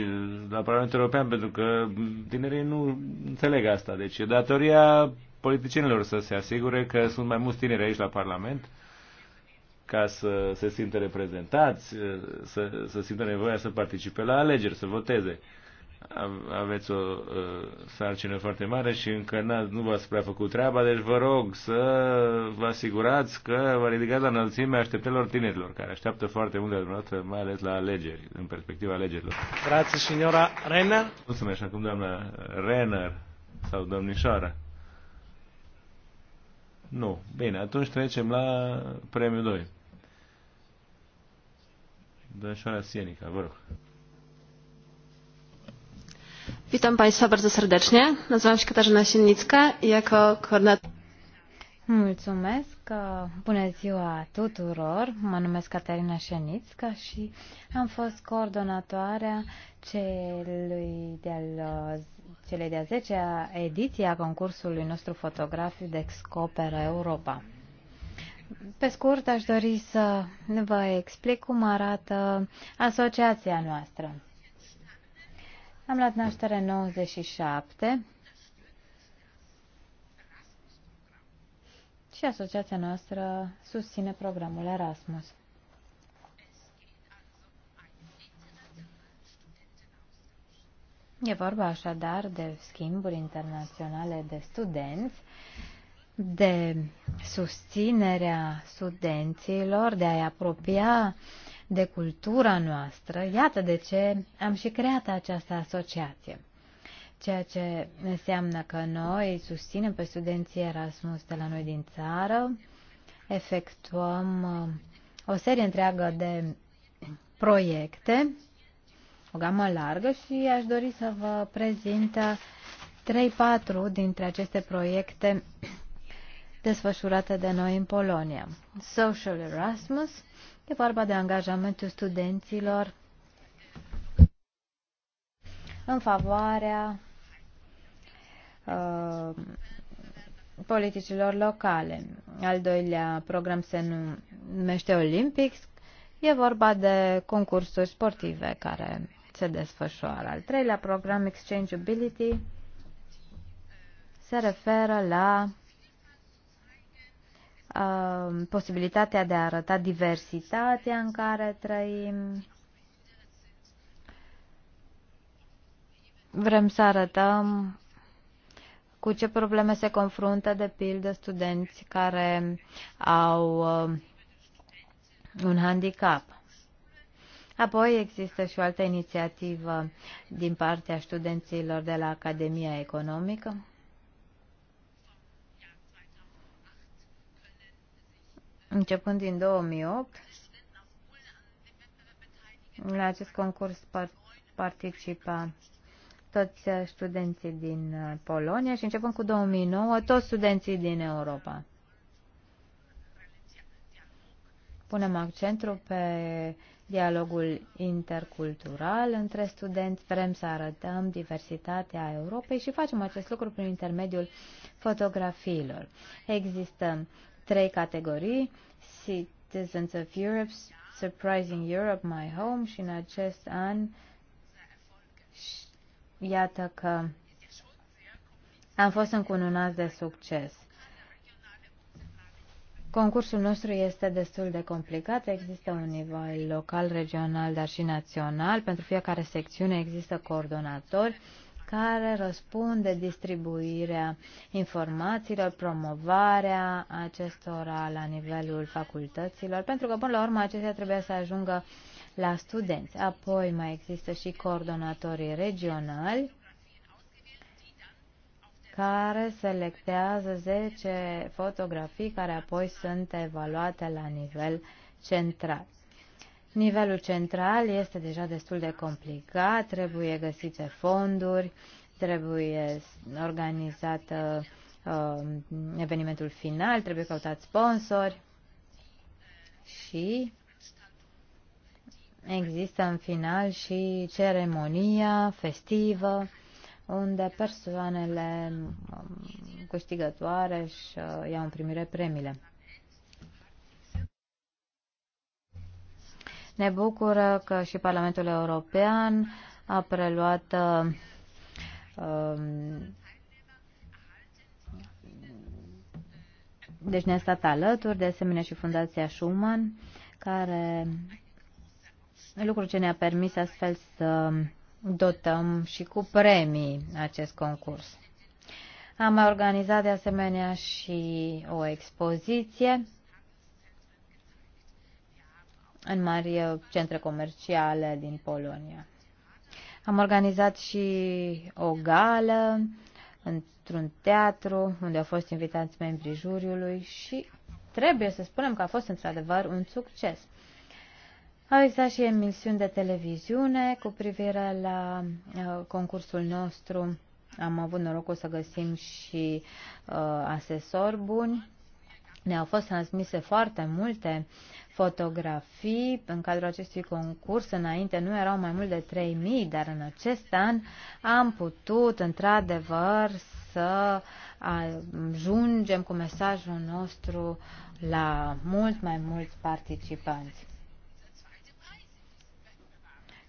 la Parlamentul European, pentru că tinerii nu înțeleg asta. Deci e datoria politicienilor să se asigure că sunt mai mulți tineri aici la Parlament ca să se simtă reprezentați, să, să simtă nevoia să participe la alegeri, să voteze aveți o uh, sarcină foarte mare și încă nu v-ați prea făcut treaba, deci vă rog să vă asigurați că vă ridicați la înălțimea așteptelor tinerilor, care așteaptă foarte mult de dumneavoastră, mai ales la alegeri, în perspectiva alegerilor. Grație, signora Renner. Mulțumesc, acum doamna Renner sau domnișoara. Nu. Bine, atunci trecem la premiul 2. Domnișoara Sienica, vă rog. Witam Państwa bardzo serdecznie. Nazywam się Katarzyna Siennicka i jako koordynator... Mulțumesc! Bună ziua tuturor! Mă numesc Caterina Șenițca și am fost coordonatoarea celui de-al, cele de-a 10-a ediție a concursului nostru fotografic Descoperă Europa. Pe scurt, aș dori să vă explic cum arată asociația noastră. Am luat naștere 97 și asociația noastră susține programul Erasmus. E vorba așadar de schimburi internaționale de studenți, de susținerea studenților, de a-i apropia uh, de cultura noastră, iată de ce am și creat această asociație. Ceea ce înseamnă că noi susținem pe studenții Erasmus de la noi din țară, efectuăm uh, o serie întreagă de proiecte, o gamă largă și aș dori să vă prezint 3-4 dintre aceste proiecte desfășurate de noi în Polonia. Social Erasmus, E vorba de angajamentul studenților în favoarea uh, politicilor locale. Al doilea program se numește Olympics. E vorba de concursuri sportive care se desfășoară. Al treilea program, Exchangeability, se referă la Um, posibilitatea de a arăta diversitatea în care trăim. Vrem să arătăm cu ce probleme se confruntă, de pildă, studenți care au uh, un handicap. Apoi există și o altă inițiativă din partea studenților de la Academia Economică. Începând din 2008, la acest concurs participă toți studenții din uh, Polonia și începând cu 2009, toți studenții din Europa. Punem accentul pe dialogul intercultural între studenți, vrem să arătăm diversitatea Europei și facem acest lucru prin intermediul fotografiilor. Există trei categorii, Citizens of Europe, Surprising Europe, My Home și în acest an iată că am fost încununați de succes. Concursul nostru este destul de complicat. Există un nivel local, regional, dar și național. Pentru fiecare secțiune există coordonatori care răspunde distribuirea informațiilor, promovarea acestora la nivelul facultăților, pentru că până la urmă acestea trebuie să ajungă la studenți. Apoi mai există și coordonatorii regionali care selectează 10 fotografii care apoi sunt evaluate la nivel central. Nivelul central este deja destul de complicat, trebuie găsite fonduri, trebuie organizat uh, um, evenimentul final, trebuie căutat sponsori și există în final și ceremonia festivă unde persoanele um, câștigătoare își uh, iau în primire premiile. Ne bucură că și Parlamentul European a preluat um, deci ne-a stat alături, de asemenea și Fundația Schumann, care lucru ce ne-a permis astfel să dotăm și cu premii acest concurs. Am organizat de asemenea și o expoziție în mari uh, centre comerciale din Polonia. Am organizat și o gală într-un teatru unde au fost invitați membrii juriului și trebuie să spunem că a fost într-adevăr un succes. Au existat și emisiuni de televiziune cu privire la uh, concursul nostru. Am avut norocul să găsim și uh, asesori buni ne-au fost transmise foarte multe fotografii în cadrul acestui concurs. Înainte nu erau mai mult de 3000, dar în acest an am putut într-adevăr să ajungem cu mesajul nostru la mult mai mulți participanți.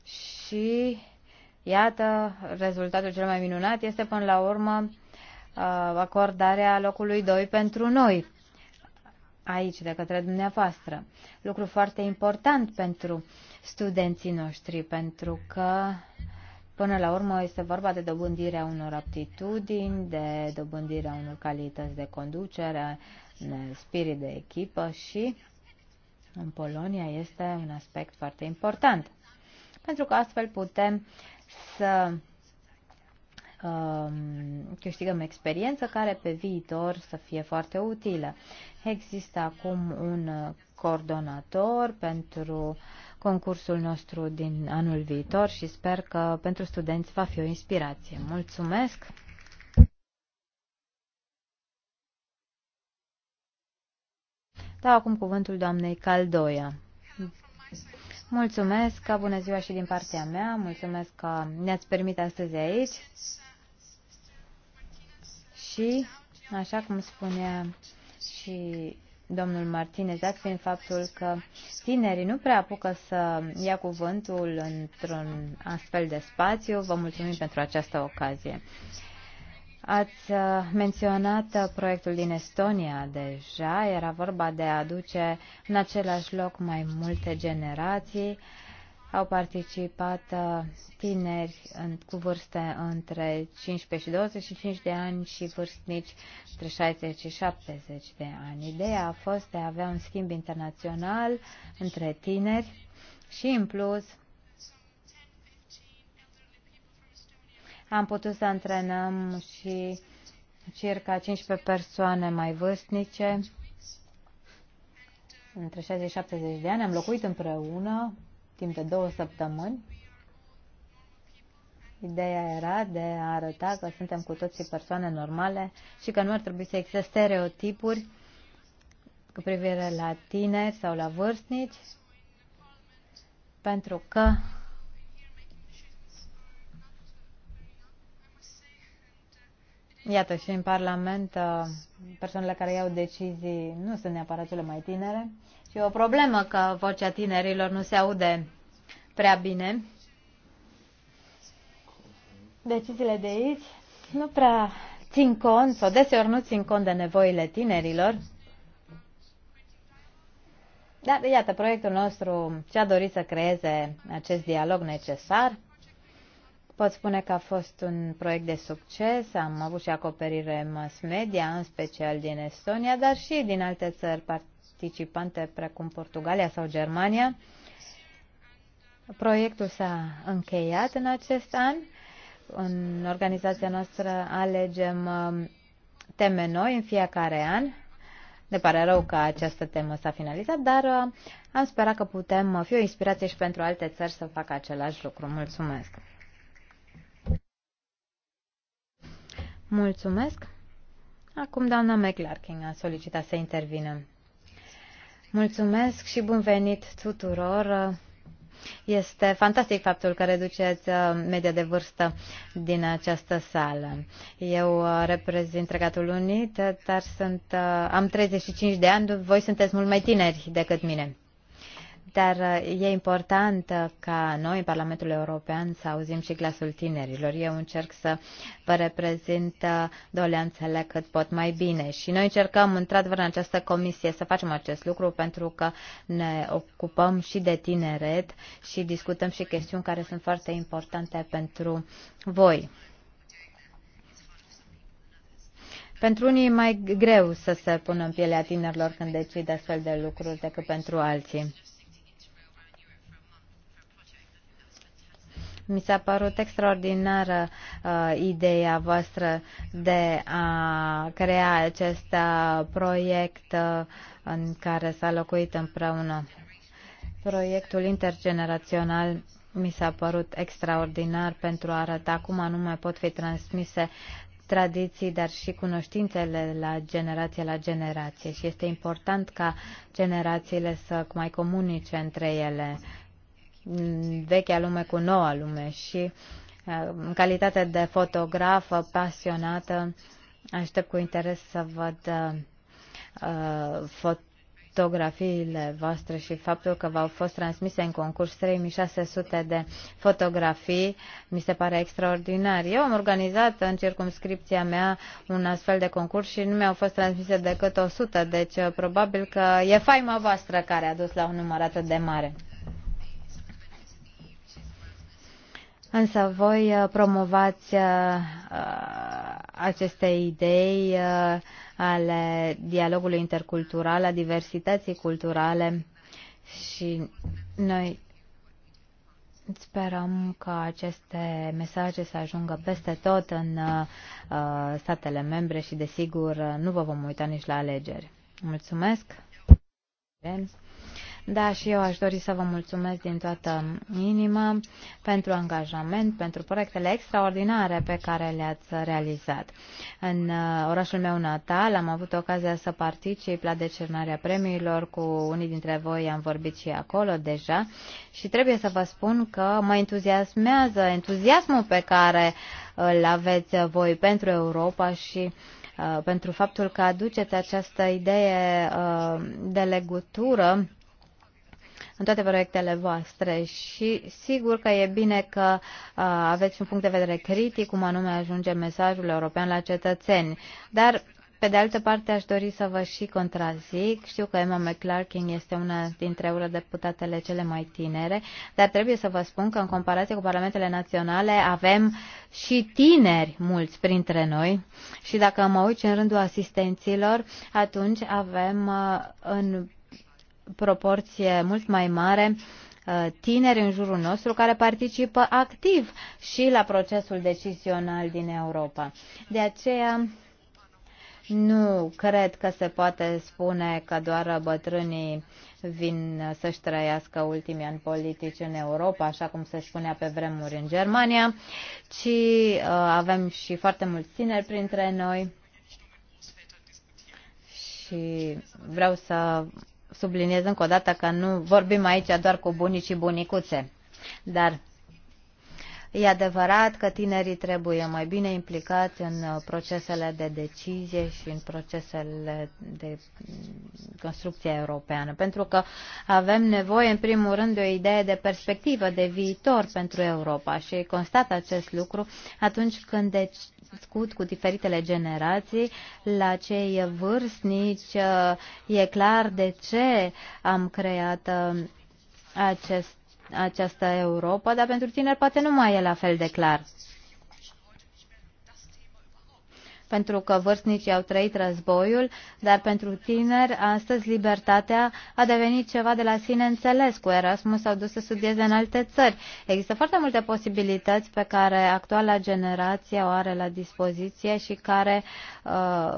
Și iată, rezultatul cel mai minunat este până la urmă uh, acordarea locului 2 pentru noi aici de către dumneavoastră. Lucru foarte important pentru studenții noștri, pentru că până la urmă este vorba de dobândirea unor aptitudini, de dobândirea unor calități de conducere, spirit de echipă și în Polonia este un aspect foarte important. Pentru că astfel putem să Um, câștigăm experiență care pe viitor să fie foarte utilă. Există acum un coordonator pentru concursul nostru din anul viitor și sper că pentru studenți va fi o inspirație. Mulțumesc! Dau acum cuvântul doamnei Caldoia. Mulțumesc, bună ziua și din partea mea, mulțumesc că ne-ați permit astăzi aici. Și, așa cum spunea și domnul Martinez, dat fiind faptul că tinerii nu prea apucă să ia cuvântul într-un astfel de spațiu, vă mulțumim pentru această ocazie. Ați uh, menționat uh, proiectul din Estonia deja, era vorba de a aduce în același loc mai multe generații. Uh, au participat uh, tineri în, cu vârste între 15 și 25 de ani și vârstnici între 60 și 70 de ani. Ideea a fost de a avea un schimb internațional între tineri și, în plus, am putut să antrenăm și circa 15 persoane mai vârstnice, între 60 și 70 de ani. Am locuit împreună timp de două săptămâni. Ideea era de a arăta că suntem cu toții persoane normale și că nu ar trebui să existe stereotipuri cu privire la tineri sau la vârstnici, pentru că Iată, și în Parlament uh, persoanele care iau decizii nu sunt neapărat cele mai tinere E o problemă că vocea tinerilor nu se aude prea bine. Deciziile de aici nu prea țin cont, sau deseori nu țin cont de nevoile tinerilor. Dar, iată, proiectul nostru ce-a dorit să creeze acest dialog necesar. Pot spune că a fost un proiect de succes, am avut și acoperire mass media, în special din Estonia, dar și din alte țări part- participante precum Portugalia sau Germania. Proiectul s-a încheiat în acest an. În organizația noastră alegem um, teme noi în fiecare an. Ne pare rău că această temă s-a finalizat, dar uh, am sperat că putem uh, fi o inspirație și pentru alte țări să facă același lucru. Mulțumesc! Mulțumesc! Acum doamna McLarkin a solicitat să intervină. Mulțumesc și bun venit tuturor! Este fantastic faptul că reduceți uh, media de vârstă din această sală. Eu uh, reprezint Regatul Unit, dar sunt, uh, am 35 de ani, voi sunteți mult mai tineri decât mine. Dar uh, e important uh, ca noi, în Parlamentul European, să auzim și glasul tinerilor. Eu încerc să vă reprezint uh, doleanțele cât pot mai bine. Și noi încercăm, într-adevăr, în această comisie să facem acest lucru pentru că ne ocupăm și de tineret și discutăm și chestiuni care sunt foarte importante pentru voi. Pentru unii e mai greu să se pună în pielea tinerilor când decid astfel de lucruri decât pentru alții. Mi s-a părut extraordinară uh, ideea voastră de a crea acest uh, proiect uh, în care s-a locuit împreună. Proiectul intergenerațional mi s-a părut extraordinar pentru a arăta cum anume pot fi transmise tradiții, dar și cunoștințele la generație la generație și este important ca generațiile să mai comunice între ele vechea lume cu noua lume și uh, în calitate de fotografă pasionată aștept cu interes să văd uh, fotografiile voastre și faptul că v-au fost transmise în concurs 3600 de fotografii mi se pare extraordinar. Eu am organizat în circumscripția mea un astfel de concurs și nu mi-au fost transmise decât 100, deci uh, probabil că e faima voastră care a dus la un număr atât de mare. Însă voi uh, promovați uh, uh, aceste idei ale dialogului intercultural, a diversității culturale și noi Sperăm că aceste mesaje să ajungă peste tot în uh, statele membre și, desigur, nu vă vom uita nici la alegeri. Mulțumesc! Da, și eu aș dori să vă mulțumesc din toată inima pentru angajament, pentru proiectele extraordinare pe care le-ați realizat. În uh, orașul meu natal am avut ocazia să particip la decernarea premiilor cu unii dintre voi, am vorbit și acolo deja și trebuie să vă spun că mă entuziasmează entuziasmul pe care îl aveți voi pentru Europa și uh, pentru faptul că aduceți această idee uh, de legătură în toate proiectele voastre și sigur că e bine că uh, aveți un punct de vedere critic cum anume ajunge mesajul european la cetățeni. Dar pe de altă parte, aș dori să vă și contrazic. Știu că Emma McClarkin este una dintre eurodeputatele cele mai tinere, dar trebuie să vă spun că în comparație cu parlamentele naționale avem și tineri mulți printre noi și dacă mă uit în rândul asistenților, atunci avem uh, în proporție mult mai mare uh, tineri în jurul nostru care participă activ și la procesul decizional din Europa. De aceea nu cred că se poate spune că doar bătrânii vin să-și trăiască ultimii ani politici în Europa, așa cum se spunea pe vremuri în Germania, ci uh, avem și foarte mulți tineri printre noi și vreau să subliniez încă o dată că nu vorbim aici doar cu bunici și bunicuțe, dar e adevărat că tinerii trebuie mai bine implicați în uh, procesele de decizie și în procesele de mm, construcție europeană, pentru că avem nevoie, în primul rând, de o idee de perspectivă, de viitor pentru Europa și constat acest lucru atunci când deci crescut cu diferitele generații, la cei vârstnici. E clar de ce am creat uh, acest, această Europa, dar pentru tineri poate nu mai e la fel de clar pentru că vârstnicii au trăit războiul, dar pentru tineri, astăzi, libertatea a devenit ceva de la sine înțeles. Cu Erasmus au dus să studieze în alte țări. Există foarte multe posibilități pe care actuala generație o are la dispoziție și care uh,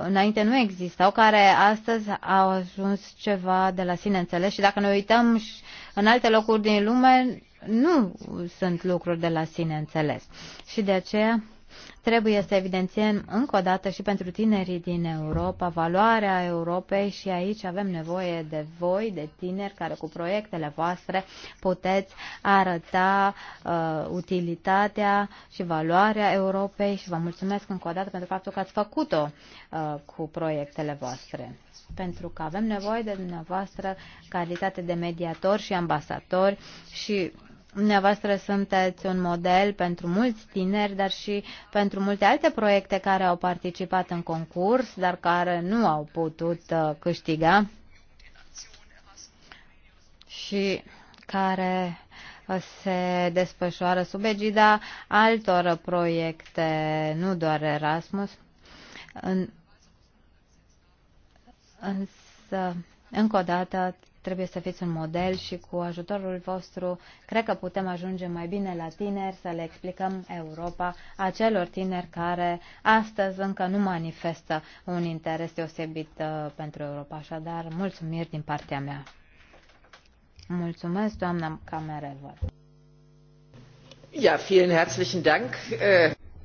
înainte nu existau, care astăzi au ajuns ceva de la sine înțeles și dacă ne uităm în alte locuri din lume, nu sunt lucruri de la sine înțeles. Și de aceea Trebuie să evidențiem încă o dată și pentru tinerii din Europa valoarea Europei și aici avem nevoie de voi, de tineri, care cu proiectele voastre puteți arăta uh, utilitatea și valoarea Europei și vă mulțumesc încă o dată pentru faptul că ați făcut-o uh, cu proiectele voastre. Pentru că avem nevoie de dumneavoastră calitate de mediatori și ambasatori și Dumneavoastră sunteți un model pentru mulți tineri, dar și pentru multe alte proiecte care au participat în concurs, dar care nu au putut uh, câștiga și care uh, se desfășoară sub egida altor proiecte, nu doar Erasmus. În, însă, încă o dată, trebuie să fiți un model și cu ajutorul vostru cred că putem ajunge mai bine la tineri să le explicăm Europa acelor tineri care astăzi încă nu manifestă un interes deosebit uh, pentru Europa. Așadar, mulțumiri din partea mea. Mulțumesc, doamna Camerevăr. Ja, vielen herzlichen Dank.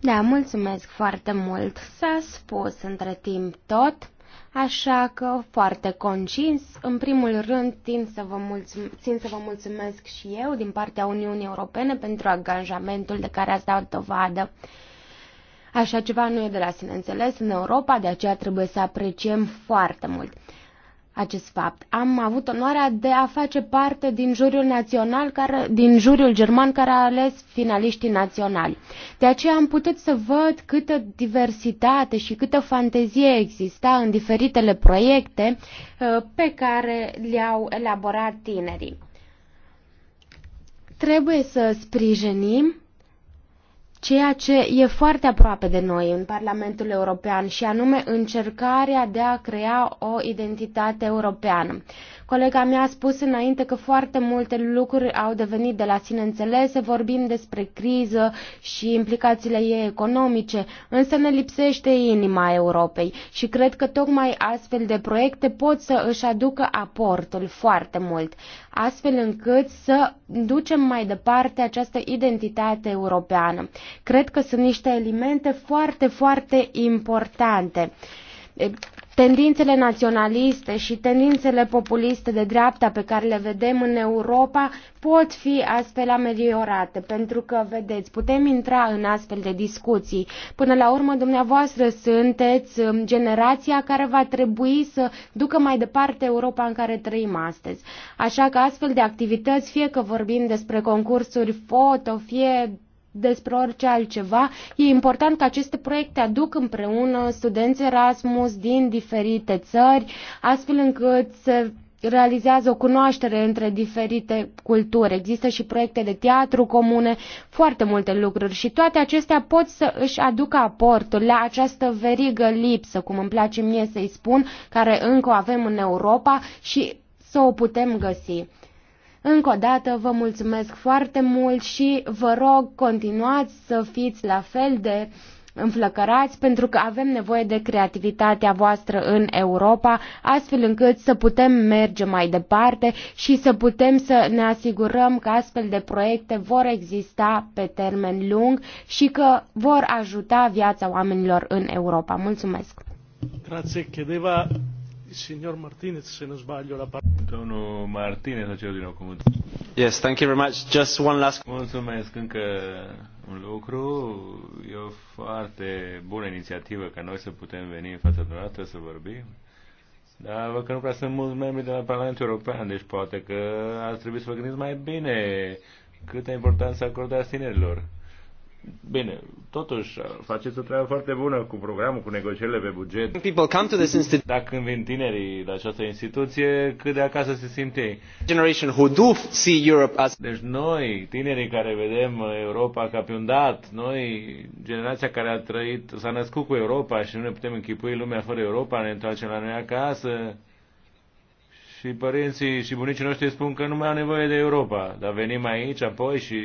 Da, mulțumesc foarte mult. S-a spus între timp tot. Așa că, foarte concis, în primul rând, țin să, vă mulțumesc, țin să vă mulțumesc și eu din partea Uniunii Europene pentru angajamentul de care ați dat dovadă. Așa ceva nu e de la sine înțeles în Europa, de aceea trebuie să apreciem foarte mult acest fapt. Am avut onoarea de a face parte din juriul național, care, din juriul german care a ales finaliștii naționali. De aceea am putut să văd câtă diversitate și câtă fantezie exista în diferitele proiecte uh, pe care le-au elaborat tinerii. Trebuie să sprijinim ceea ce e foarte aproape de noi în Parlamentul European și anume încercarea de a crea o identitate europeană. Colega mea a spus înainte că foarte multe lucruri au devenit de la sine înțelese, vorbim despre criză și implicațiile ei economice, însă ne lipsește inima Europei și cred că tocmai astfel de proiecte pot să își aducă aportul foarte mult, astfel încât să ducem mai departe această identitate europeană. Cred că sunt niște elemente foarte, foarte importante Tendințele naționaliste și tendințele populiste de dreapta pe care le vedem în Europa pot fi astfel ameliorate, pentru că, vedeți, putem intra în astfel de discuții. Până la urmă, dumneavoastră sunteți um, generația care va trebui să ducă mai departe Europa în care trăim astăzi. Așa că astfel de activități, fie că vorbim despre concursuri foto, fie despre orice altceva. E important că aceste proiecte aduc împreună studenți Erasmus din diferite țări, astfel încât să realizează o cunoaștere între diferite culturi. Există și proiecte de teatru comune, foarte multe lucruri și toate acestea pot să își aducă aportul la această verigă lipsă, cum îmi place mie să-i spun, care încă o avem în Europa și să o putem găsi. Încă o dată vă mulțumesc foarte mult și vă rog continuați să fiți la fel de înflăcărați pentru că avem nevoie de creativitatea voastră în Europa, astfel încât să putem merge mai departe și să putem să ne asigurăm că astfel de proiecte vor exista pe termen lung și că vor ajuta viața oamenilor în Europa. Mulțumesc! Grazie, Signor Martinez, se non sbaglio la parola. Domnul Martinez, acel din nou Yes, thank you very much. Just one last... Mulțumesc încă un lucru. E o foarte bună inițiativă ca noi să putem veni în fața dumneavoastră să vorbim. Dar văd că nu prea sunt mulți membri de la Parlamentul European, deci poate că ar trebui să vă gândiți mai bine câtă importanță acordați tinerilor. Bine, totuși faceți o treabă foarte bună cu programul, cu negocierile pe buget. Dacă când vin tinerii la această instituție, cât de acasă se simt ei. Generation who do see Europe as... Deci noi, tinerii care vedem Europa ca pe un dat, noi, generația care a trăit, s-a născut cu Europa și nu ne putem închipui lumea fără Europa, ne întoarcem la noi acasă, și părinții și bunicii noștri spun că nu mai au nevoie de Europa, dar venim aici apoi și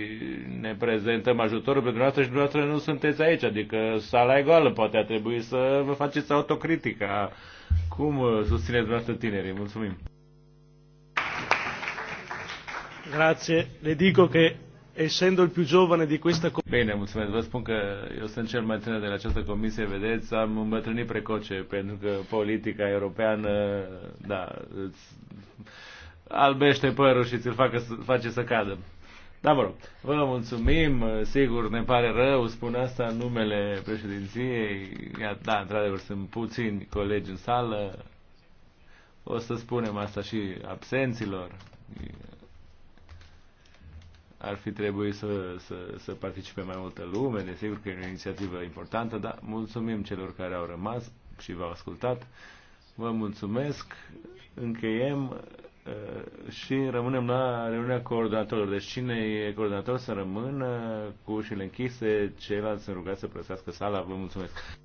ne prezentăm ajutorul pentru noastră și dumneavoastră nu sunteți aici, adică sala e goală, poate a trebui să vă faceți autocritica. Cum susțineți dumneavoastră tinerii? Mulțumim! Grazie, le dico che essendo il più giovane di questa commissione. Bine, mulțumesc. Vă spun că eu sunt cel mai tânăr de la această comisie, vedeți, am îmbătrânit precoce, pentru că politica europeană, da, îți albește părul și ți-l face să cadă. Da, mă rog, vă mulțumim, sigur, ne pare rău, spun asta în numele președinției, da, într-adevăr, sunt puțini colegi în sală, o să spunem asta și absenților, ar fi trebuit să, să, să participe mai multă lume, desigur că e o inițiativă importantă, dar mulțumim celor care au rămas și v-au ascultat. Vă mulțumesc, încheiem uh, și rămânem la reuniunea coordonatorilor. Deci cine e coordonator să rămână cu ușile închise, ceilalți sunt rugați să părăsească sala. Vă mulțumesc!